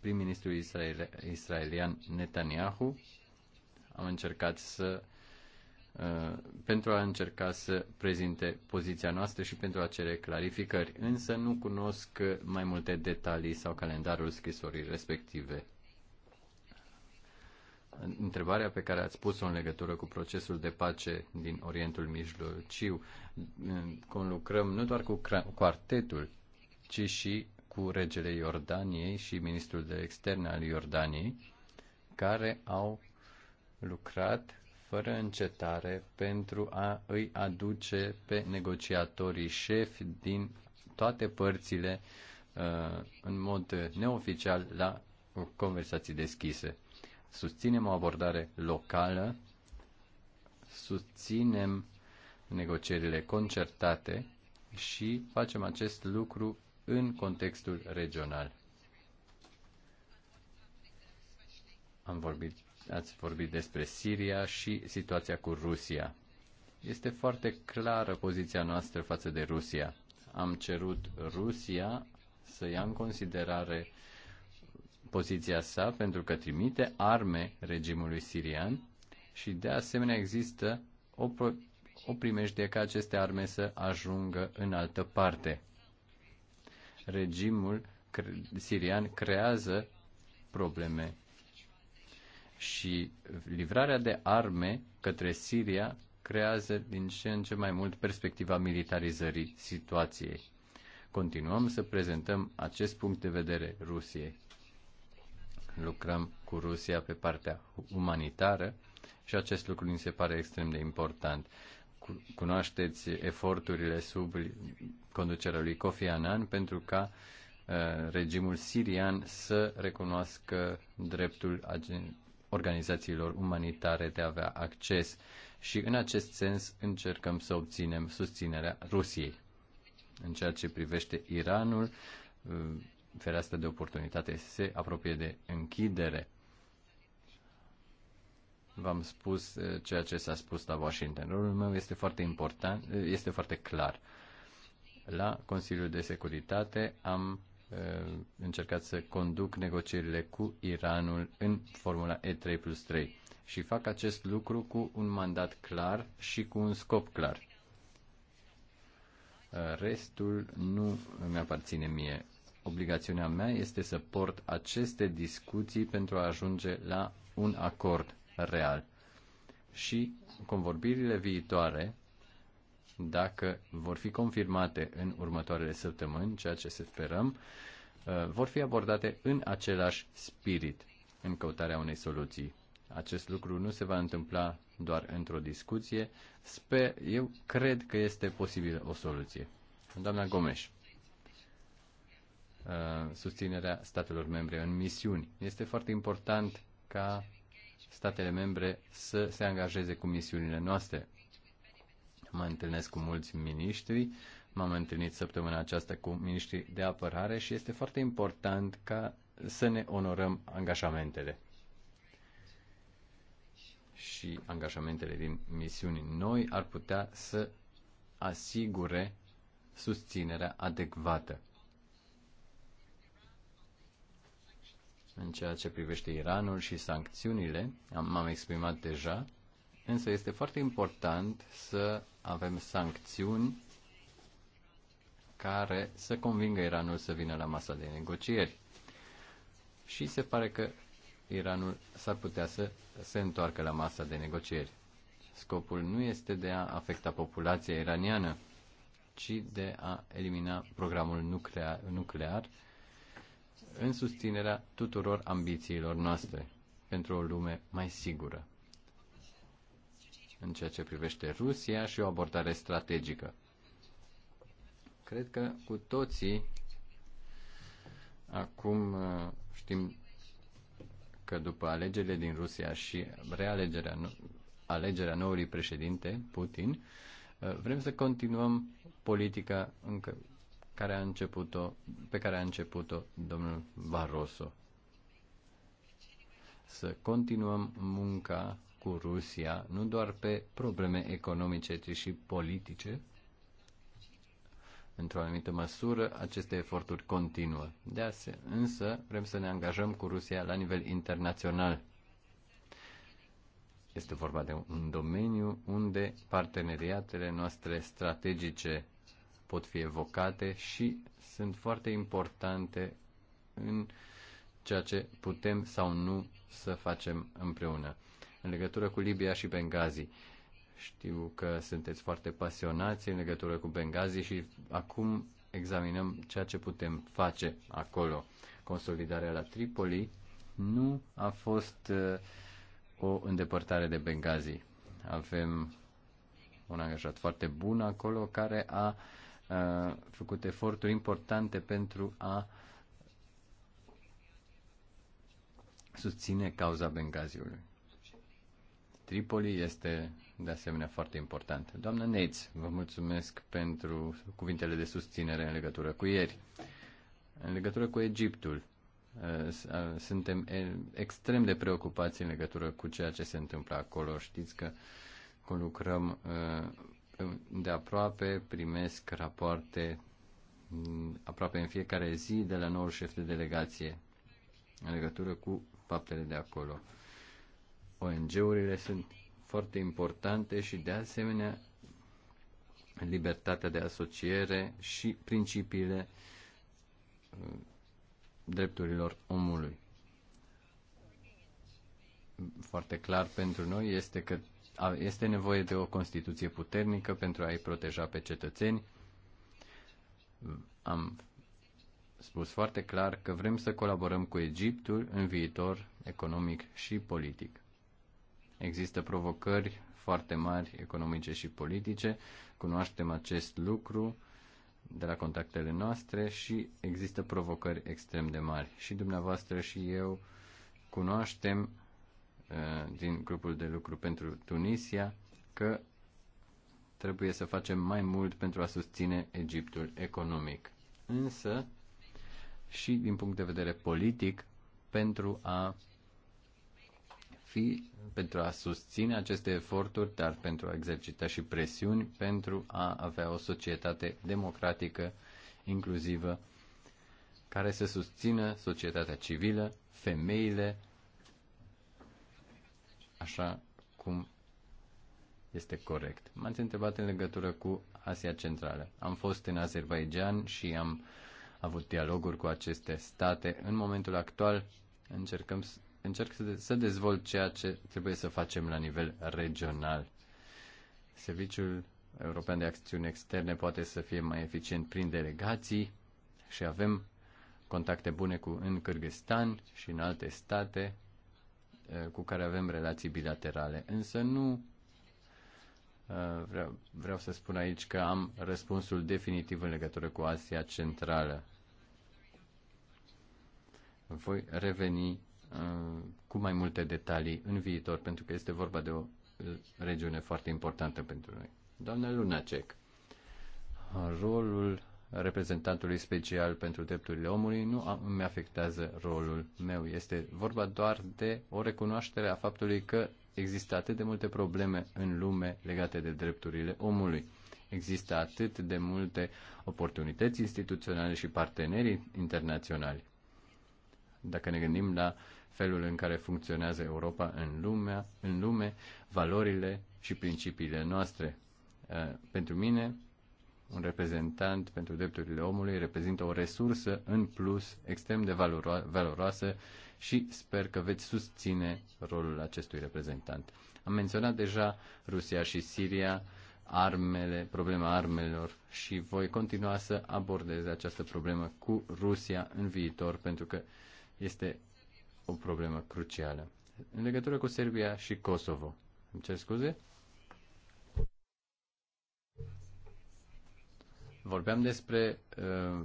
prim-ministrului israelian Netanyahu. Am încercat să Uh, pentru a încerca să prezinte poziția noastră și pentru a cere clarificări, însă nu cunosc mai multe detalii sau calendarul scrisorii respective. Întrebarea pe care ați pus-o în legătură cu procesul de pace din Orientul Mijlociu, conlucrăm nu doar cu quartetul, ci și cu regele Iordaniei și ministrul de externe al Iordaniei, care au lucrat fără încetare pentru a îi aduce pe negociatorii șefi din toate părțile uh, în mod neoficial la conversații deschise. Susținem o abordare locală, susținem negocierile concertate și facem acest lucru în contextul regional. Am vorbit ați vorbit despre Siria și situația cu Rusia. Este foarte clară poziția noastră față de Rusia. Am cerut Rusia să ia în considerare poziția sa pentru că trimite arme regimului sirian și de asemenea există o, pro- o primejdie ca aceste arme să ajungă în altă parte. Regimul sirian creează probleme și livrarea de arme către Siria creează din ce în ce mai mult perspectiva militarizării situației. Continuăm să prezentăm acest punct de vedere Rusiei. Lucrăm cu Rusia pe partea umanitară și acest lucru ni se pare extrem de important. Cunoașteți eforturile sub conducerea lui Kofi Annan pentru ca uh, regimul sirian să recunoască dreptul organizațiilor umanitare de a avea acces și în acest sens încercăm să obținem susținerea Rusiei. În ceea ce privește Iranul, uh, fereastra de oportunitate se apropie de închidere. V-am spus uh, ceea ce s-a spus la Washington. Rolul meu este foarte important, uh, este foarte clar. La Consiliul de Securitate am Eh, încercat să conduc negocierile cu Iranul în formula E3 plus 3 și fac acest lucru cu un mandat clar și cu un scop clar. Eh, restul nu îmi aparține mie. Obligațiunea mea este să port aceste discuții pentru a ajunge la un acord real. Și convorbirile viitoare dacă vor fi confirmate în următoarele săptămâni, ceea ce se sperăm, uh, vor fi abordate în același spirit în căutarea unei soluții. Acest lucru nu se va întâmpla doar într-o discuție. Sper, eu cred că este posibilă o soluție. Doamna Gomes, uh, susținerea statelor membre în misiuni. Este foarte important ca statele membre să se angajeze cu misiunile noastre Mă întâlnesc cu mulți miniștri, m-am întâlnit săptămâna aceasta cu miniștri de apărare și este foarte important ca să ne onorăm angajamentele și angajamentele din misiuni noi ar putea să asigure susținerea adecvată. În ceea ce privește Iranul și sancțiunile, m-am exprimat deja, Însă este foarte important să avem sancțiuni care să convingă Iranul să vină la masa de negocieri. Și se pare că Iranul s-ar putea să se întoarcă la masa de negocieri. Scopul nu este de a afecta populația iraniană, ci de a elimina programul nuclear, nuclear în susținerea tuturor ambițiilor noastre pentru o lume mai sigură în ceea ce privește Rusia și o abordare strategică. Cred că cu toții acum uh, știm că după alegerile din Rusia și realegerea alegerea noului președinte, Putin, uh, vrem să continuăm politica încă care a început-o, pe care a început-o domnul Barroso. Să continuăm munca cu Rusia, nu doar pe probleme economice, ci și politice. Într-o anumită măsură, aceste eforturi continuă. De asemenea, însă, vrem să ne angajăm cu Rusia la nivel internațional. Este vorba de un domeniu unde parteneriatele noastre strategice pot fi evocate și sunt foarte importante în ceea ce putem sau nu să facem împreună în legătură cu Libia și Benghazi. Știu că sunteți foarte pasionați în legătură cu Benghazi și acum examinăm ceea ce putem face acolo. Consolidarea la Tripoli nu a fost uh, o îndepărtare de Benghazi. Avem un angajat foarte bun acolo care a, a uh, făcut eforturi importante pentru a susține cauza Benghaziului. Tripoli este de asemenea foarte important. Doamnă Neitz, vă mulțumesc pentru cuvintele de susținere în legătură cu ieri. În legătură cu Egiptul, uh, uh, suntem extrem de preocupați în legătură cu ceea ce se întâmplă acolo. Știți că lucrăm uh, de aproape, primesc rapoarte mm, aproape în fiecare zi de la noul șef de delegație în legătură cu faptele de acolo. ONG-urile sunt foarte importante și de asemenea libertatea de asociere și principiile uh, drepturilor omului. Foarte clar pentru noi este că este nevoie de o Constituție puternică pentru a-i proteja pe cetățeni. Am spus foarte clar că vrem să colaborăm cu Egiptul în viitor economic și politic. Există provocări foarte mari economice și politice. Cunoaștem acest lucru de la contactele noastre și există provocări extrem de mari. Și dumneavoastră și eu cunoaștem uh, din grupul de lucru pentru Tunisia că trebuie să facem mai mult pentru a susține Egiptul economic. Însă, și din punct de vedere politic, pentru a fi pentru a susține aceste eforturi, dar pentru a exercita și presiuni pentru a avea o societate democratică, inclusivă, care să susțină societatea civilă, femeile, așa cum este corect. M-ați întrebat în legătură cu Asia Centrală. Am fost în Azerbaijan și am avut dialoguri cu aceste state. În momentul actual încercăm încerc să, de- să dezvolt ceea ce trebuie să facem la nivel regional. Serviciul European de Acțiuni Externe poate să fie mai eficient prin delegații și avem contacte bune cu în Kyrgyzstan și în alte state eh, cu care avem relații bilaterale. Însă nu eh, vreau, vreau să spun aici că am răspunsul definitiv în legătură cu Asia Centrală. Voi reveni Uh, cu mai multe detalii în viitor, pentru că este vorba de o uh, regiune foarte importantă pentru noi. Doamna Lunacek, rolul reprezentantului special pentru drepturile omului nu îmi afectează rolul meu. Este vorba doar de o recunoaștere a faptului că există atât de multe probleme în lume legate de drepturile omului. Există atât de multe oportunități instituționale și parteneri internaționali. Dacă ne gândim la felul în care funcționează Europa în, lumea, în lume, valorile și principiile noastre. Eh, pentru mine, un reprezentant pentru drepturile omului reprezintă o resursă în plus extrem de valoro- valoroasă și sper că veți susține rolul acestui reprezentant. Am menționat deja Rusia și Siria, armele, problema armelor și voi continua să abordez această problemă cu Rusia în viitor pentru că este o problemă crucială. În legătură cu Serbia și Kosovo. Îmi cer scuze? Vorbeam despre uh,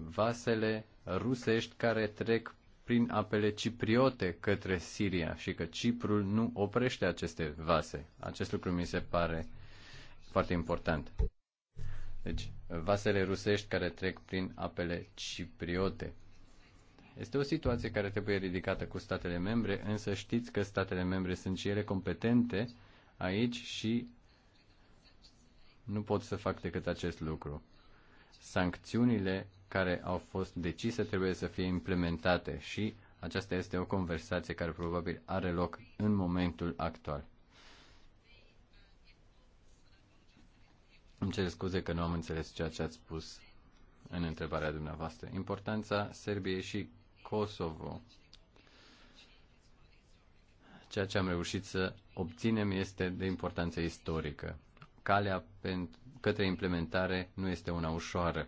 vasele rusești care trec prin apele cipriote către Siria și că Ciprul nu oprește aceste vase. Acest lucru mi se pare foarte important. Deci, vasele rusești care trec prin apele cipriote. Este o situație care trebuie ridicată cu statele membre, însă știți că statele membre sunt și ele competente aici și nu pot să fac decât acest lucru. Sancțiunile care au fost decise trebuie să fie implementate și aceasta este o conversație care probabil are loc în momentul actual. Îmi cer scuze că nu am înțeles ceea ce ați spus în întrebarea dumneavoastră. Importanța Serbiei și Kosovo. Ceea ce am reușit să obținem este de importanță istorică. Calea către implementare nu este una ușoară.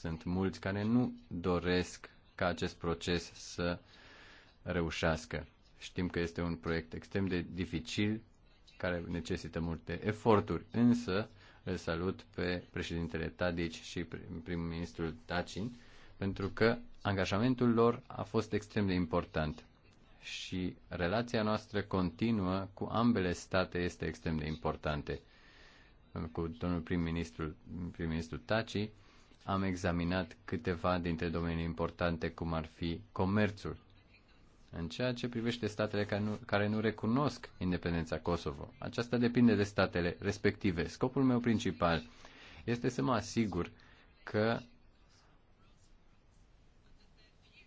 Sunt mulți care nu doresc ca acest proces să reușească. Știm că este un proiect extrem de dificil, care necesită multe eforturi, însă îl salut pe președintele Tadic și prim-ministrul Tacin pentru că angajamentul lor a fost extrem de important și relația noastră continuă cu ambele state este extrem de importantă. Cu domnul prim-ministru, prim-ministru Taci am examinat câteva dintre domenii importante, cum ar fi comerțul. În ceea ce privește statele care nu, care nu recunosc independența Kosovo, aceasta depinde de statele respective. Scopul meu principal este să mă asigur că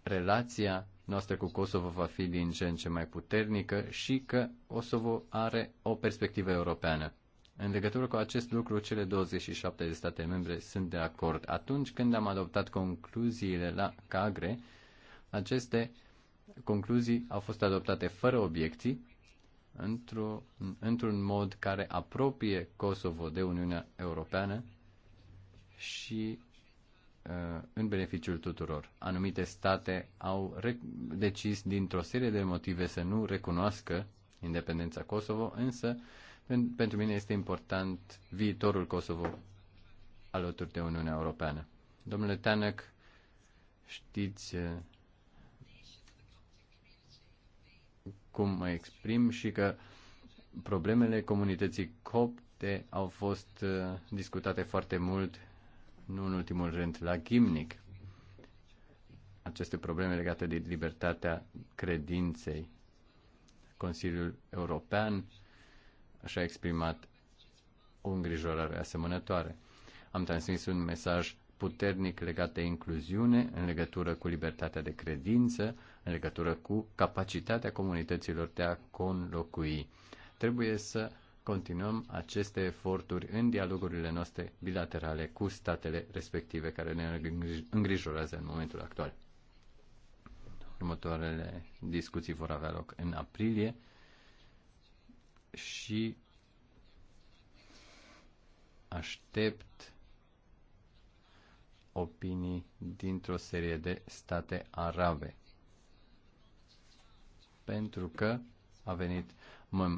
relația noastră cu Kosovo va fi din ce în ce mai puternică și că Kosovo are o perspectivă europeană. În legătură cu acest lucru, cele 27 de state membre sunt de acord. Atunci când am adoptat concluziile la CAGRE, aceste concluzii au fost adoptate fără obiecții, într-un într mod care apropie Kosovo de Uniunea Europeană și Uh, în beneficiul tuturor. Anumite state au decis dintr-o serie de motive să nu recunoască independența Kosovo, însă pentru mine este important viitorul Kosovo alături de Uniunea Europeană. Domnule Tanăc, știți uh, cum mă exprim și că problemele comunității COP au fost uh, discutate foarte mult nu în ultimul rând la Gimnic. Aceste probleme legate de libertatea credinței. Consiliul European și-a exprimat o îngrijorare asemănătoare. Am transmis un mesaj puternic legat de incluziune, în legătură cu libertatea de credință, în legătură cu capacitatea comunităților de a conlocui. Trebuie să continuăm aceste eforturi în dialogurile noastre bilaterale cu statele respective care ne îngrijorează în momentul actual. Următoarele discuții vor avea loc în aprilie și aștept opinii dintr-o serie de state arabe. Pentru că a venit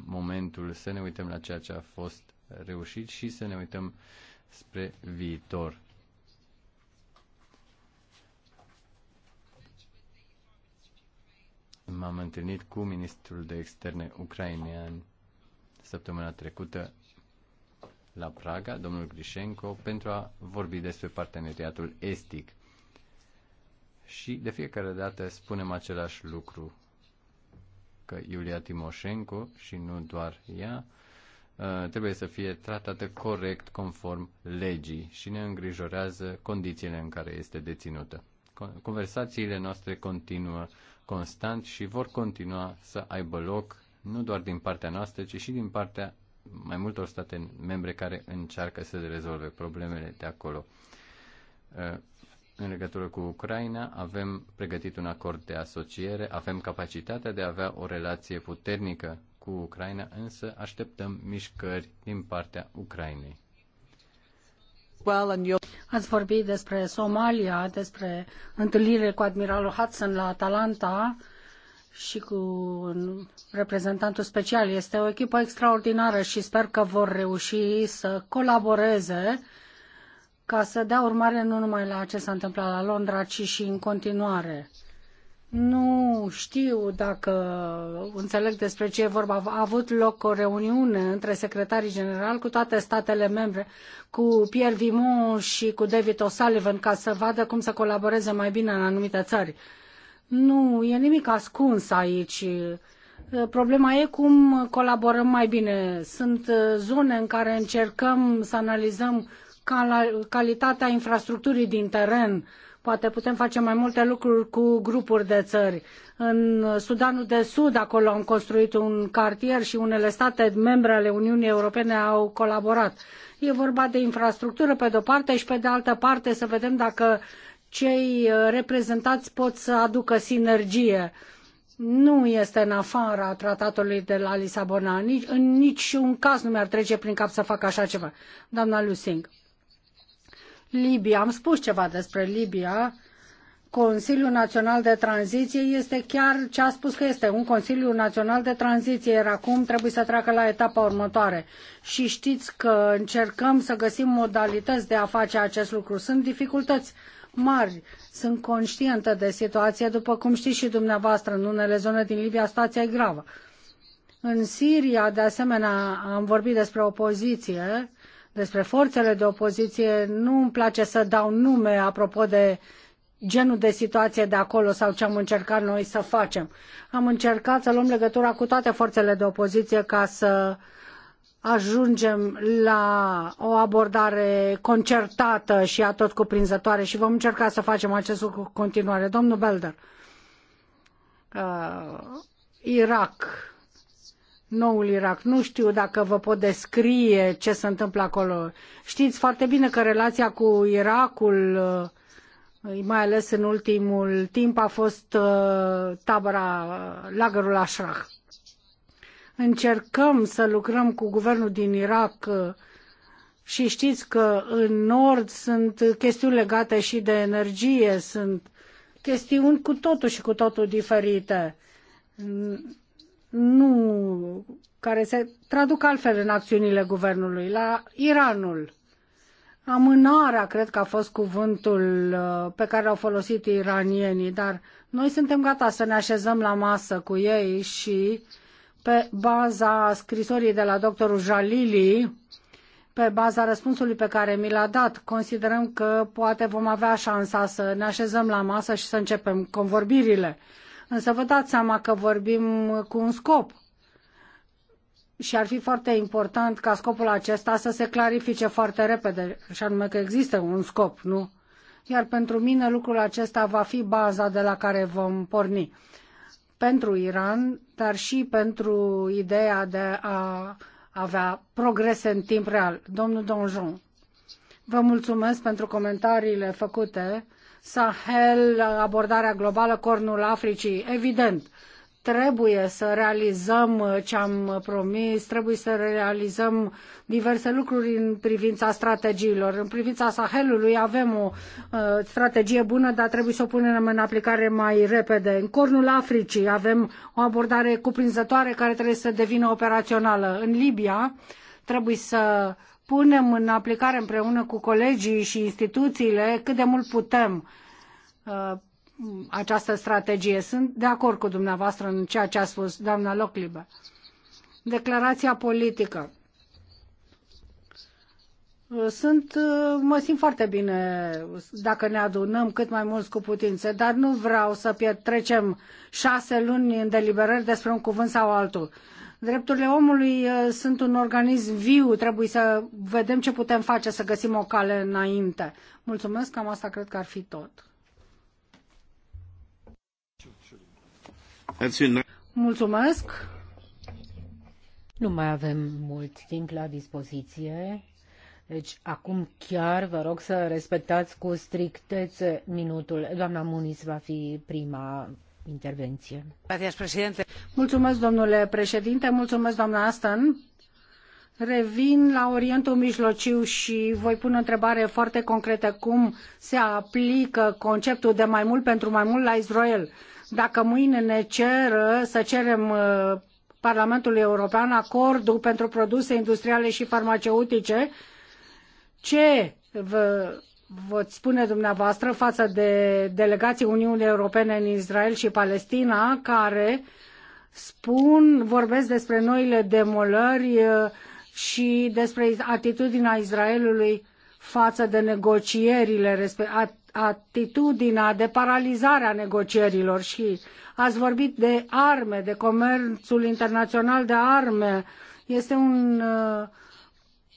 momentul să ne uităm la ceea ce a fost reușit și să ne uităm spre viitor. M-am întâlnit cu ministrul de externe ucrainean săptămâna trecută la Praga, domnul Grișenko, pentru a vorbi despre parteneriatul estic. Și de fiecare dată spunem același lucru că Iulia Timoșenko și nu doar ea uh, trebuie să fie tratată corect conform legii și ne îngrijorează condițiile în care este deținută. Conversațiile noastre continuă constant și vor continua să aibă loc nu doar din partea noastră, ci și din partea mai multor state membre care încearcă să rezolve problemele de acolo. Uh, în legătură cu Ucraina, avem pregătit un acord de asociere, avem capacitatea de a avea o relație puternică cu Ucraina, însă așteptăm mișcări din partea Ucrainei. Ați vorbit despre Somalia, despre întâlnire cu admiralul Hudson la Atalanta și cu reprezentantul special. Este o echipă extraordinară și sper că vor reuși să colaboreze uh, ca să dea urmare nu numai la ce s-a întâmplat la Londra, ci și în continuare. Nu știu dacă înțeleg despre ce e vorba. A avut loc o reuniune între secretarii generali cu toate statele membre, cu Pierre Vimon și cu David O'Sullivan, ca să vadă cum să colaboreze mai bine în anumite țări. Nu, e nimic ascuns aici. Problema e cum colaborăm mai bine. Sunt zone în care încercăm să analizăm calitatea infrastructurii din teren. Poate putem face mai multe lucruri cu grupuri de țări. În Sudanul de Sud, acolo am construit un cartier și unele state membre ale Uniunii Europene au colaborat. E vorba de infrastructură pe de-o parte și pe de altă parte să vedem dacă cei uh, reprezentați pot să aducă sinergie. Nu este în afara tratatului de la Lisabona. Nici, în niciun caz nu mi-ar trece prin cap să fac așa ceva. Doamna Lusing. Libia. Am spus ceva despre Libia. Consiliul Național de Tranziție este chiar ce a spus că este un Consiliu Național de Tranziție, iar acum trebuie să treacă la etapa următoare. Și știți că încercăm să găsim modalități de a face acest lucru. Sunt dificultăți mari. Sunt conștientă de situație, după cum știți și dumneavoastră, în unele zone din Libia stația e gravă. În Siria, de asemenea, am vorbit despre opoziție despre forțele de opoziție. Nu îmi place să dau nume apropo de genul de situație de acolo sau ce am încercat noi să facem. Am încercat să luăm legătura cu toate forțele de opoziție ca să ajungem la o abordare concertată și atotcuprinzătoare cuprinzătoare și vom încerca să facem acest lucru în continuare. Domnul Belder, uh, Irak, noul Irak. Nu știu dacă vă pot descrie ce se întâmplă acolo. Știți foarte bine că relația cu Irakul, uh, mai ales în ultimul timp, a fost uh, tabăra, lagărul Ashraf. Încercăm să lucrăm cu guvernul din Irak uh, și știți că în nord sunt chestiuni legate și de energie, sunt chestiuni cu totul și cu totul diferite nu, care se traduc altfel în acțiunile guvernului, la Iranul. Amânarea, cred că a fost cuvântul uh, pe care l-au folosit iranienii, dar noi suntem gata să ne așezăm la masă cu ei și pe baza scrisorii de la doctorul Jalili, pe baza răspunsului pe care mi l-a dat, considerăm că poate vom avea șansa să ne așezăm la masă și să începem convorbirile Însă vă dați seama că vorbim cu un scop. Și ar fi foarte important ca scopul acesta să se clarifice foarte repede, și anume că există un scop, nu? Iar pentru mine lucrul acesta va fi baza de la care vom porni pentru Iran, dar și pentru ideea de a avea progrese în timp real. Domnul Donjon, vă mulțumesc pentru comentariile făcute Sahel, abordarea globală, cornul Africii, evident. Trebuie să realizăm ce am promis, trebuie să realizăm diverse lucruri în privința strategiilor. În privința Sahelului avem o uh, strategie bună, dar trebuie să o punem în aplicare mai repede. În cornul Africii avem o abordare cuprinzătoare care trebuie să devină operațională. În Libia trebuie să punem în aplicare împreună cu colegii și instituțiile cât de mult putem uh, această strategie. Sunt de acord cu dumneavoastră în ceea ce a spus doamna Loclibe. Declarația politică. Uh, sunt, uh, mă simt foarte bine dacă ne adunăm cât mai mulți cu putință, dar nu vreau să trecem șase luni în deliberări despre un cuvânt sau altul. Drepturile omului uh, sunt un organism viu, trebuie să vedem ce putem face, să găsim o cale înainte. Mulțumesc, cam asta cred că ar fi tot. Mulțumesc. Nu mai avem mult timp la dispoziție. Deci acum chiar vă rog să respectați cu strictețe minutul. Doamna Muniz va fi prima intervenție. Mulțumesc, domnule președinte, mulțumesc, doamna Aston. Revin la Orientul Mijlociu și voi pune o întrebare foarte concretă. Cum se aplică conceptul de mai mult pentru mai mult la Israel? Dacă mâine ne cer uh, să cerem uh, Parlamentului European acordul pentru produse industriale și farmaceutice, ce vă spune dumneavoastră față de delegații Uniunii Europene în Israel și Palestina, care spun, vorbesc despre noile demolări uh, și despre atitudinea Israelului față de negocierile, atitudinea de paralizare a negocierilor și ați vorbit de arme, de comerțul internațional de arme. Este un uh,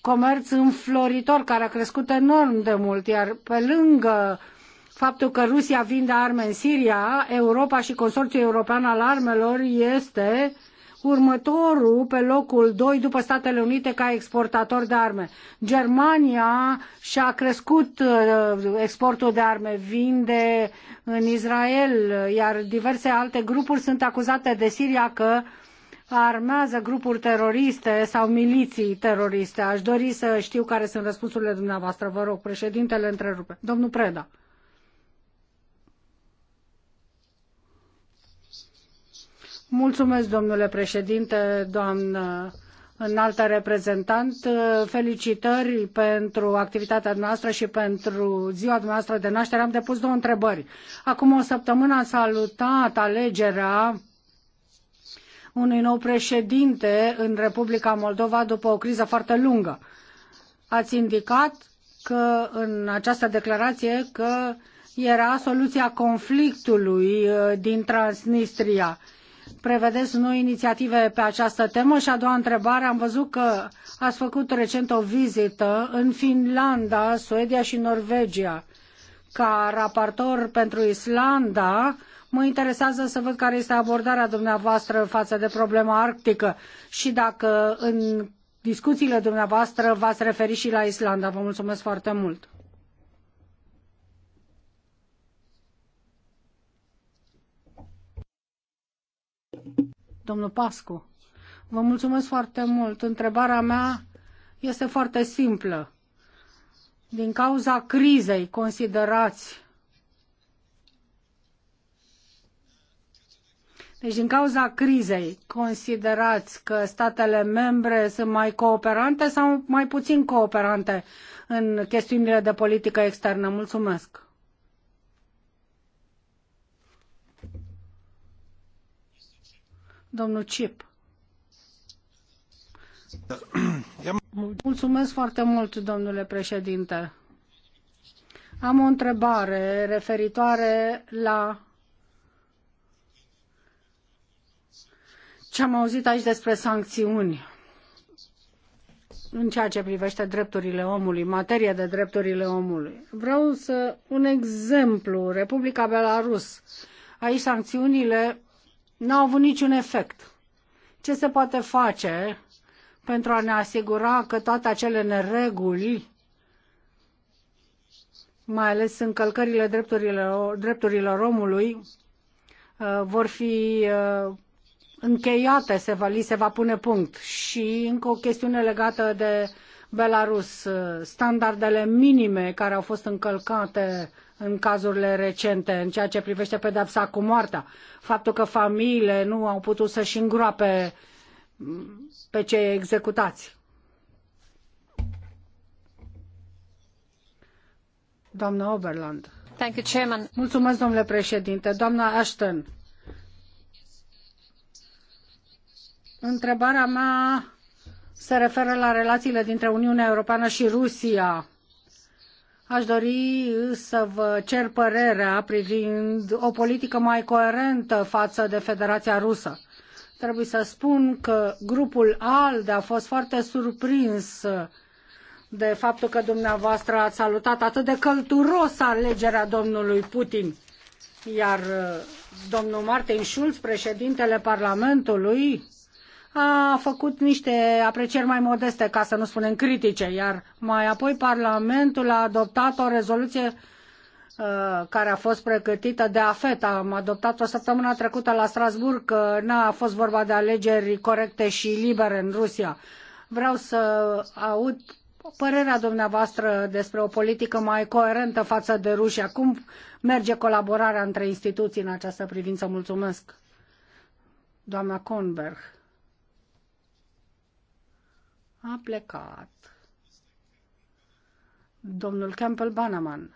comerț înfloritor care a crescut enorm de mult, iar pe lângă faptul că Rusia vinde arme în Siria, Europa și Consorțiul European al Armelor este următorul pe locul doi după Statele Unite ca exportator de arme. Germania și-a crescut uh, exportul de arme, vinde în Israel, iar diverse alte grupuri sunt acuzate de Siria că armează grupuri teroriste sau miliții teroriste. Aș dori să știu care sunt răspunsurile dumneavoastră. Vă rog, președintele întrerupe. Domnul Preda. Mulțumesc, domnule președinte, doamnă înaltă reprezentant. Felicitări pentru activitatea noastră și pentru ziua noastră de naștere. Am depus două întrebări. Acum o săptămână am salutat alegerea unui nou președinte în Republica Moldova după o criză foarte lungă. Ați indicat că în această declarație că era soluția conflictului uh, din Transnistria. Prevedeți noi inițiative pe această temă? Și a doua întrebare, am văzut că ați făcut recent o vizită în Finlanda, Suedia și Norvegia. Ca raportor pentru Islanda, Mă interesează să văd care este abordarea dumneavoastră față de problema arctică și dacă în discuțiile dumneavoastră v-ați referit și la Islanda. Vă mulțumesc foarte mult! Domnul Pascu, vă mulțumesc foarte mult. Întrebarea mea este foarte simplă. Din cauza crizei, considerați Deci, din cauza crizei, considerați că statele membre sunt mai cooperante sau mai puțin cooperante în chestiunile de politică externă? Mulțumesc! Domnul Cip. Mulțumesc foarte mult, domnule președinte. Am o întrebare referitoare la Ce am auzit aici despre sancțiuni în ceea ce privește drepturile omului, materie de drepturile omului. Vreau să un exemplu, Republica Belarus. Aici sancțiunile n-au avut niciun efect. Ce se poate face pentru a ne asigura că toate acele nereguli, mai ales încălcările drepturilor, drepturilor omului, uh, vor fi uh, încheiate se va, li se va pune punct. Și încă o chestiune legată de Belarus, standardele minime care au fost încălcate în cazurile recente în ceea ce privește pedepsa cu moartea, faptul că familiile nu au putut să-și îngroape pe cei executați. Doamna Oberland. Mulțumesc, domnule președinte. Doamna Ashton, Întrebarea mea se referă la relațiile dintre Uniunea Europeană și Rusia. Aș dori să vă cer părerea privind o politică mai coerentă față de Federația Rusă. Trebuie să spun că grupul ALDE a fost foarte surprins de faptul că dumneavoastră ați salutat atât de călturos alegerea domnului Putin. Iar uh, domnul Martin Schulz, președintele Parlamentului, a făcut niște aprecieri mai modeste, ca să nu spunem critice, iar mai apoi Parlamentul a adoptat o rezoluție uh, care a fost pregătită de AFET. Am adoptat-o săptămâna trecută la Strasbourg că n-a fost vorba de alegeri corecte și libere în Rusia. Vreau să aud părerea dumneavoastră despre o politică mai coerentă față de Rusia. Cum merge colaborarea între instituții în această privință? Mulțumesc. Doamna Conberg a plecat domnul Campbell Bannerman.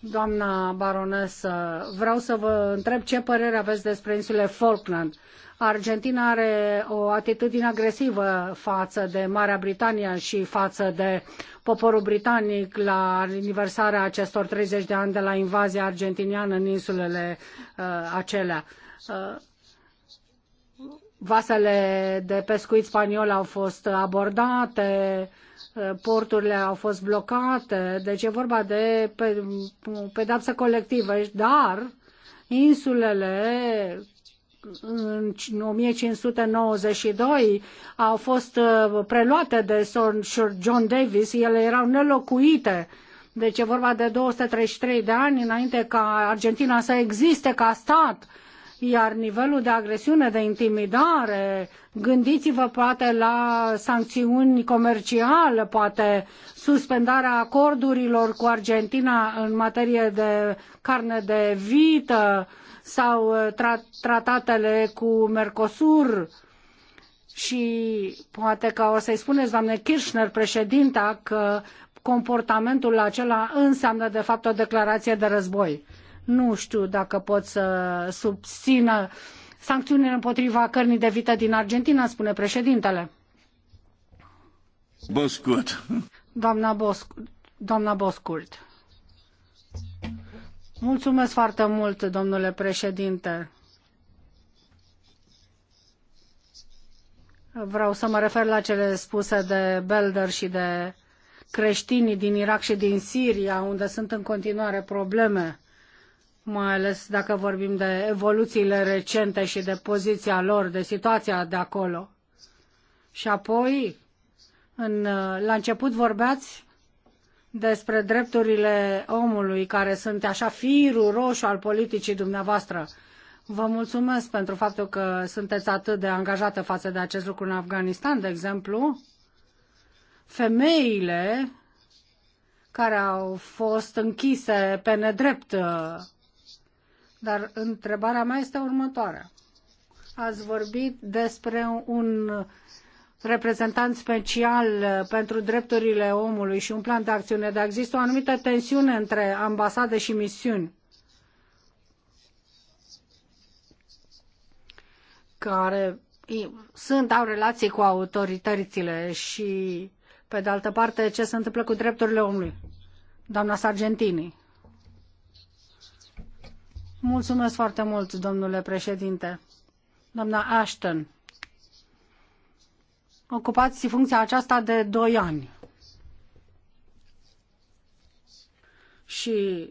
Doamna baronesă, vreau să vă întreb ce părere aveți despre insulele Falkland. Argentina are o atitudine agresivă față de Marea Britanie și față de poporul britanic la aniversarea acestor 30 de ani de la invazia argentiniană în insulele uh, acelea. Uh, vasele de pescuit spaniol au fost abordate, porturile au fost blocate, deci e vorba de pedapsă colectivă, dar insulele în 1592 au fost uh, preluate de Sir John Davis, ele erau nelocuite. Deci e vorba de 233 de ani înainte ca Argentina să existe ca stat iar nivelul de agresiune, de intimidare, gândiți-vă poate la sancțiuni comerciale, poate suspendarea acordurilor cu Argentina în materie de carne de vită sau uh, tra- tratatele cu Mercosur și poate că o să-i spuneți, doamne Kirchner, președinta, că comportamentul acela înseamnă de fapt o declarație de război nu știu dacă pot să subțină sancțiunile împotriva cărnii de vită din Argentina, spune președintele. Boscurt. Doamna, Bosc doamna Boscurt. Mulțumesc foarte mult, domnule președinte. Vreau să mă refer la cele spuse de Belder și de creștinii din Irak și din Siria, unde sunt în continuare probleme mai ales dacă vorbim de evoluțiile recente și de poziția lor, de situația de acolo. Și apoi, în, la început vorbeați despre drepturile omului, care sunt așa firul roșu al politicii dumneavoastră. Vă mulțumesc pentru faptul că sunteți atât de angajată față de acest lucru în Afganistan, de exemplu. Femeile care au fost închise pe nedrept dar întrebarea mea este următoarea. Ați vorbit despre un reprezentant special pentru drepturile omului și un plan de acțiune, dar există o anumită tensiune între ambasade și misiuni. care sunt, au relații cu autoritățile și, pe de altă parte, ce se întâmplă cu drepturile omului. Doamna Sargentini. Mulțumesc foarte mult, domnule președinte. Doamna Ashton, ocupați funcția aceasta de doi ani. Și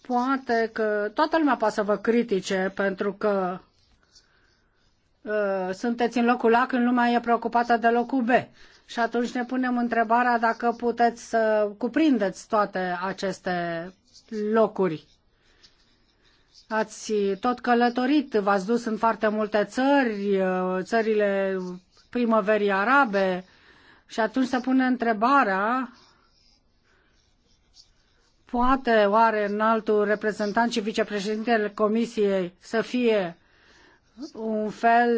poate că toată lumea poate să vă critique pentru că uh, sunteți în locul A când lumea e preocupată de locul B. Și atunci ne punem întrebarea dacă puteți să cuprindeți toate aceste locuri. Ați tot călătorit, v-ați dus în foarte multe țări, țările primăverii arabe și atunci se pune întrebarea poate oare altul reprezentant și vicepreședintele Comisiei să fie un fel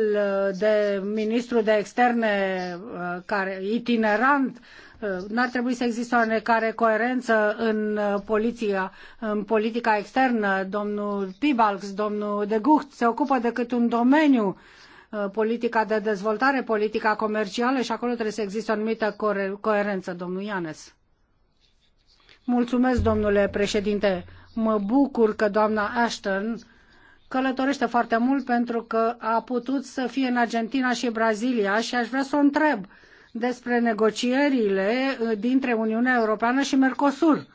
de ministru de externe uh, care, itinerant Uh, n-ar trebui să existe o oarecare coerență în, uh, poliția, în politica externă. Domnul Pibalx, domnul de Gucht se ocupă decât un domeniu uh, politica de dezvoltare, politica comercială și acolo trebuie să existe o anumită coerență, domnul Ianes. Mulțumesc, domnule președinte. Mă bucur că doamna Ashton călătorește foarte mult pentru că a putut să fie în Argentina și Brazilia și aș vrea să o întreb. Uh, despre negocierile uh, dintre Uniunea Europeană și Mercosur,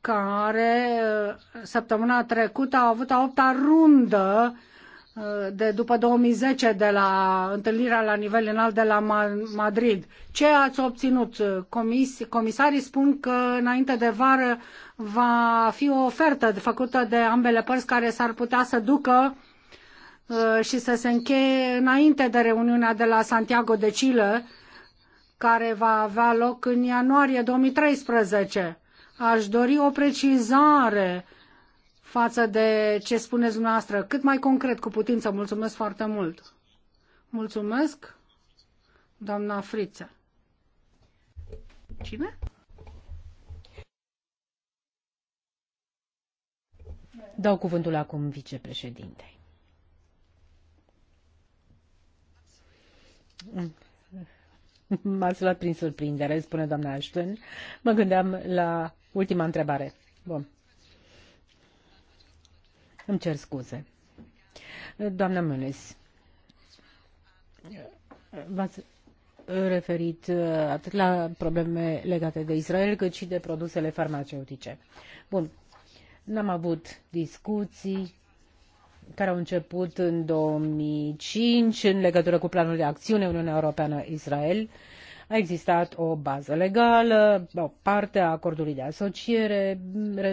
care uh, săptămâna trecută au avut a opta rundă uh, de după 2010 de la întâlnirea la nivel înalt de la Madrid. Ce ați obținut? Comis, comisarii spun că înainte de vară va fi o ofertă făcută de ambele părți care s-ar putea să ducă și să se încheie înainte de reuniunea de la Santiago de Chile care va avea loc în ianuarie 2013. Aș dori o precizare față de ce spuneți dumneavoastră, cât mai concret cu putință. Mulțumesc foarte mult. Mulțumesc, doamna Friță. Cine? Dau cuvântul acum vicepreședintei. (laughs) M-ați luat prin surprindere, spune doamna Ashton. Mă gândeam la ultima întrebare. Bun. Îmi cer scuze. Doamna Mânes, v-ați referit uh, atât la probleme legate de Israel, cât și de produsele farmaceutice. Bun. N-am avut discuții care au început în 2005 în legătură cu planul de acțiune Uniunea Europeană-Israel. A existat o bază legală, o parte a acordului de asociere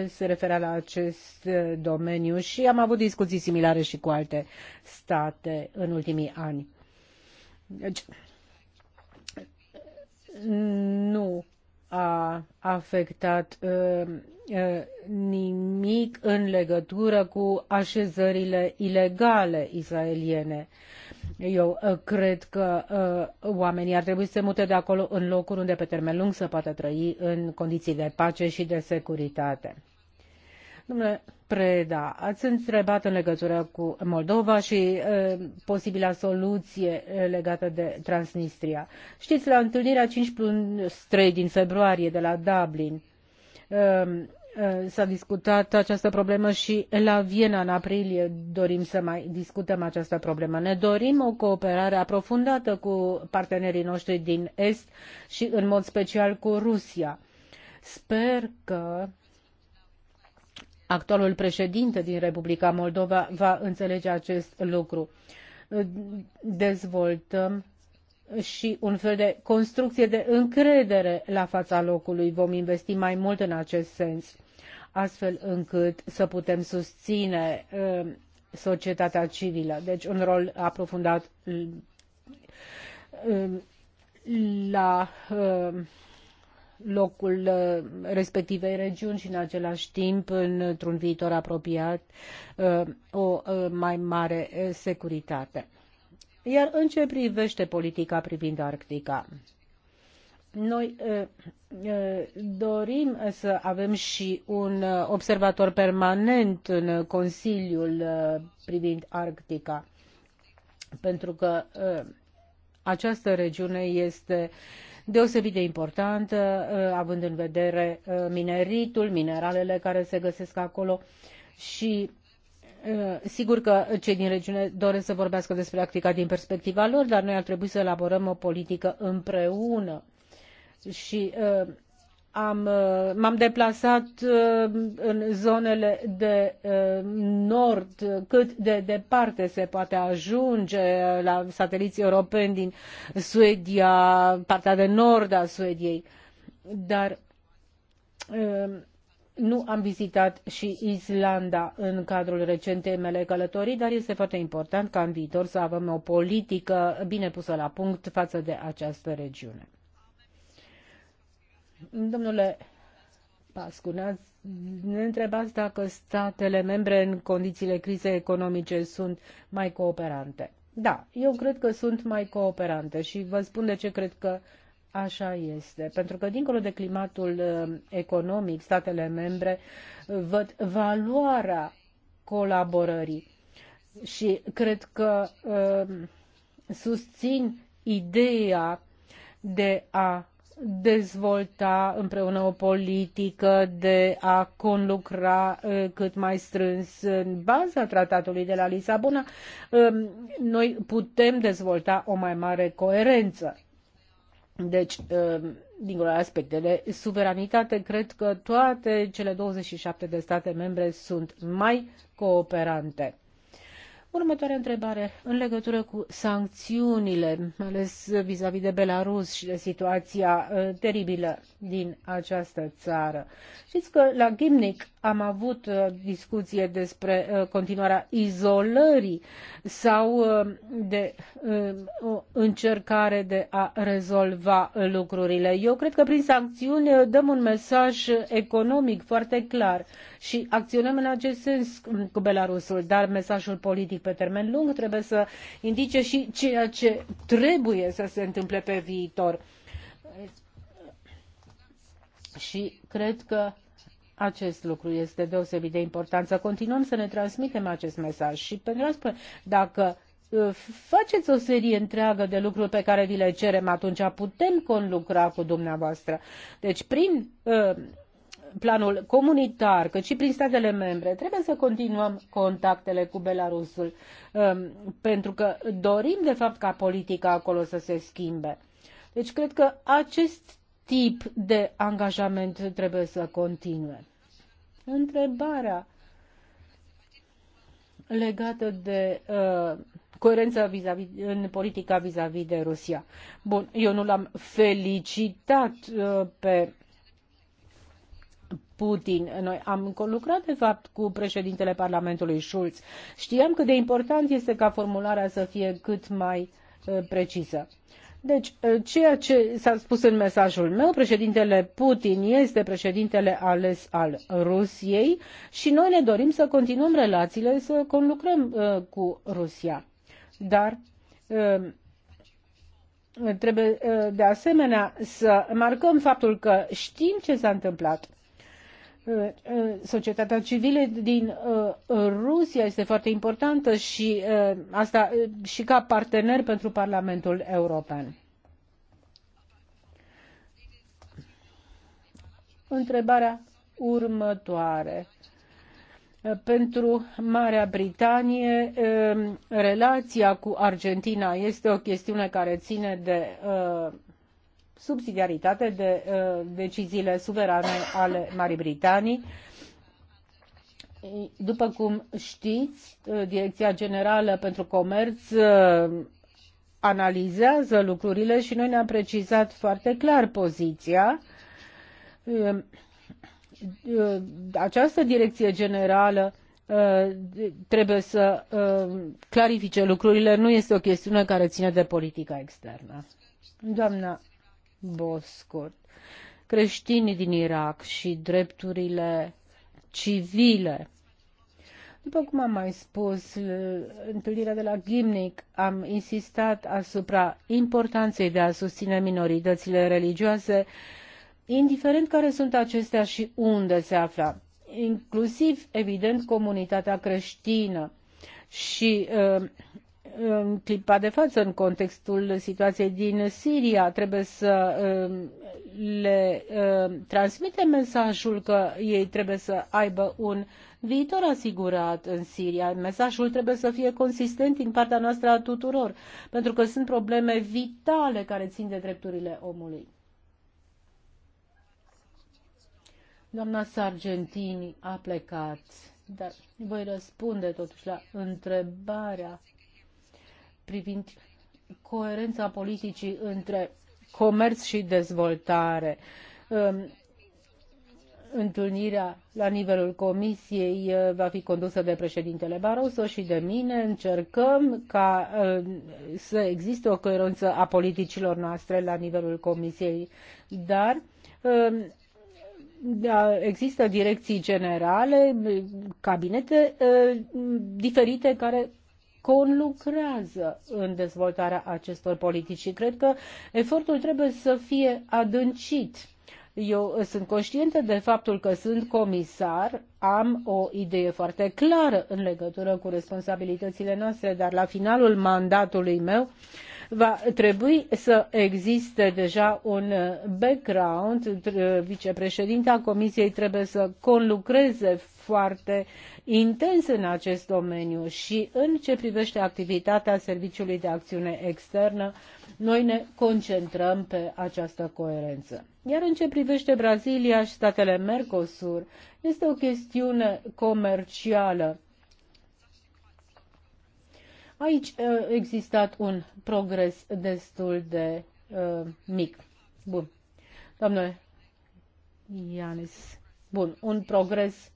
se referea la acest eh, domeniu și am avut discuții similare și cu alte state în ultimii ani. Deci, nu a afectat uh, nimic în legătură cu așezările ilegale israeliene. Eu cred că oamenii ar trebui să se mute de acolo în locuri unde pe termen lung să poată trăi în condiții de pace și de securitate. Domnule Preda, ați întrebat în legătură cu Moldova și e, posibila soluție legată de Transnistria. Știți, la întâlnirea 5 plus 3 din februarie de la Dublin, Eh, s-a discutat această problemă și la Viena în aprilie dorim să mai discutăm această problemă. Ne dorim o cooperare aprofundată cu partenerii noștri din Est și în mod special cu Rusia. Sper că actualul președinte din Republica Moldova va înțelege acest lucru. Eh, dezvoltăm și un fel de construcție de încredere la fața locului. Vom investi mai mult în acest sens astfel încât să putem susține uh, societatea civilă. Deci un rol aprofundat uh, la uh, locul respectivei regiuni și în același timp, într-un viitor apropiat, o mai mare securitate. Iar în ce privește politica privind Arctica, noi uh, uh, dorim să avem și un uh, observator permanent în Consiliul privind Arctica, pentru că această regiune este deosebit de importantă, având în vedere mineritul, mineralele care se găsesc acolo și sigur că cei din regiune doresc să vorbească despre Arctica din perspectiva lor, dar noi ar trebui să elaborăm o politică împreună și uh, am, uh, m-am deplasat uh, în zonele de nord, cât de departe se poate ajunge la sateliții europeni din Suedia, partea de nord a Suediei. Dar nu am vizitat și Islanda în cadrul recentei mele călătorii, dar este foarte important ca în viitor să avem o politică bine pusă la punct față de această regiune. Domnule Pascu, ne întrebați dacă statele membre în condițiile crizei economice sunt mai cooperante. Da, eu cred că sunt mai cooperante și vă spun de ce cred că Așa este, pentru că dincolo de climatul uh, economic, statele membre uh, văd valoarea colaborării și cred că uh, susțin ideea de a dezvolta împreună o politică de a conlucra uh, cât mai strâns în baza tratatului de la Lisabona, um, noi putem dezvolta o mai mare coerență. Deci, um, dincolo de aspectele suveranitate, cred că toate cele 27 de state membre sunt mai cooperante. Următoarea întrebare, în legătură cu sancțiunile, ales vis-a-vis -vis de Belarus și de situația uh, teribilă din această țară. Știți că la Gimnic am avut uh, discuție despre uh, continuarea izolării sau uh, de o încercare de a rezolva lucrurile. Eu cred că prin sancțiuni dăm un mesaj economic foarte clar și acționăm în acest sens um, cu Belarusul, dar mesajul politic pe termen lung trebuie să indice și ceea ce trebuie să se întâmple pe viitor. Și cred că acest lucru este deosebit de important. Să continuăm să ne transmitem acest mesaj și pentru a spune, dacă uh, faceți o serie întreagă de lucruri pe care vi le cerem, atunci putem conlucra cu dumneavoastră. Deci, prin uh, planul comunitar, cât și prin statele membre, trebuie să continuăm contactele cu Belarusul, um, pentru că dorim, de fapt, ca politica acolo să se schimbe. Deci, cred că acest tip de angajament trebuie să continue. Întrebarea legată de uh, coerența vis vis în politica vis-a-vis -vis de Rusia. Bun, eu nu l-am felicitat uh, pe Putin. Noi am lucrat, de fapt, cu președintele Parlamentului Schulz. Știam cât de important este ca formularea să fie cât mai uh, precisă. Deci, eh, ceea ce s-a spus în mesajul meu, președintele Putin este președintele ales al Rusiei și noi ne dorim să continuăm relațiile, să conlucrăm uh, cu Rusia. Dar uh, trebuie uh, de asemenea să marcăm faptul că știm ce s-a întâmplat Uh, societatea civilă din uh, Rusia este foarte importantă și uh, asta și ca partener pentru Parlamentul European. Întrebarea următoare. Pentru Marea Britanie, relația cu Argentina este o chestiune care ține de subsidiaritate de uh, deciziile suverane ale Marii Britanii. După cum știți, uh, Direcția Generală pentru Comerț uh, analizează lucrurile și noi ne-am precizat foarte clar poziția. Această direcție generală trebuie să clarifice lucrurile, nu este o chestiune care ține de politica externă. Doamna Boscot, creștinii din Irak și drepturile civile. După cum am mai spus, întâlnirea de la Gimnic am insistat asupra importanței de a susține minoritățile religioase, indiferent care sunt acestea și unde se află, inclusiv, evident, comunitatea creștină și uh, în clipa de față, în contextul situației din Siria, trebuie să um, le um, transmite mesajul că ei trebuie să aibă un viitor asigurat în Siria. Mesajul trebuie să fie consistent din partea noastră a tuturor, pentru că sunt probleme vitale care țin de drepturile omului. Doamna Sargentini a plecat, dar voi răspunde totuși la întrebarea privind coerența politicii între comerț și dezvoltare. Um, întâlnirea la nivelul Comisiei uh, va fi condusă de președintele Barroso și de mine. Încercăm ca uh, să existe o coerență a politicilor noastre la nivelul Comisiei, dar um, da, există direcții generale, cabinete uh, diferite care conlucrează în dezvoltarea acestor politici și cred că efortul trebuie să fie adâncit. Eu sunt conștientă de faptul că sunt comisar, am o idee foarte clară în legătură cu responsabilitățile noastre, dar la finalul mandatului meu uh, va trebui să existe deja un background. Vicepreședinta Comisiei trebuie să conlucreze foarte intens în acest domeniu și în ce privește activitatea Serviciului de Acțiune Externă, noi ne concentrăm pe această coerență. Iar în ce privește Brazilia și statele Mercosur, este o chestiune comercială Aici a uh, existat un progres destul de uh, mic. Bun. Doamne Ianis, bun, un progres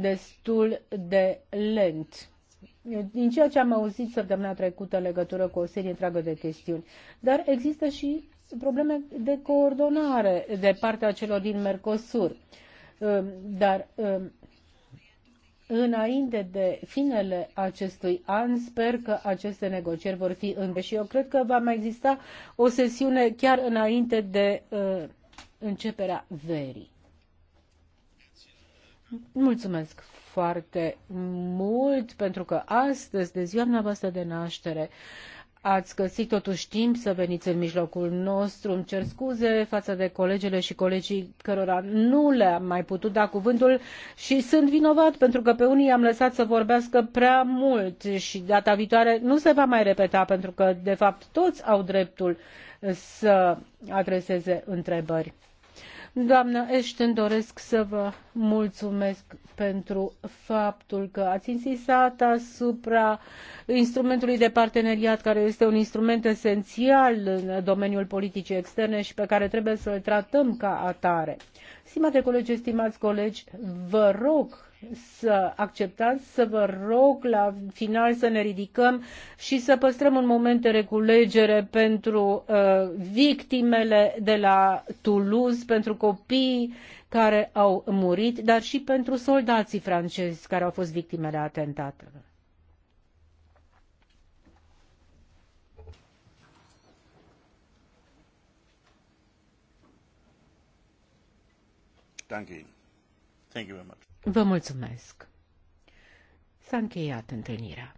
destul de lent. Din ceea ce am auzit săptămâna trecută în legătură cu o serie întreagă de chestiuni. Dar există și probleme de coordonare de partea celor din Mercosur. Uh, dar uh, înainte de finele acestui an. Sper că aceste negocieri vor fi în și eu cred că va mai exista o sesiune chiar înainte de uh, începerea verii. Mulțumesc foarte mult pentru că astăzi, de ziua noastră de naștere, ați găsit totuși timp să veniți în mijlocul nostru. Îmi cer scuze față de colegele și colegii cărora nu le-am mai putut da cuvântul și sunt vinovat pentru că pe unii am lăsat să vorbească prea mult și data viitoare nu se va mai repeta pentru că de fapt toți au dreptul să adreseze întrebări. Doamnă Ashton, doresc să vă mulțumesc pentru faptul că ați insistat asupra instrumentului de parteneriat, care este un instrument esențial în domeniul politicii externe și pe care trebuie să-l tratăm ca atare. Stimate colegi, stimați colegi, vă rog să acceptați, să vă rog la final să ne ridicăm și să păstrăm un moment de reculegere pentru uh, victimele de la Toulouse, pentru copiii care au murit, dar și pentru soldații francezi care au fost victimele atentatelor. Danke you. Thank you very much. Vă mulțumesc. S-a încheiat întâlnirea.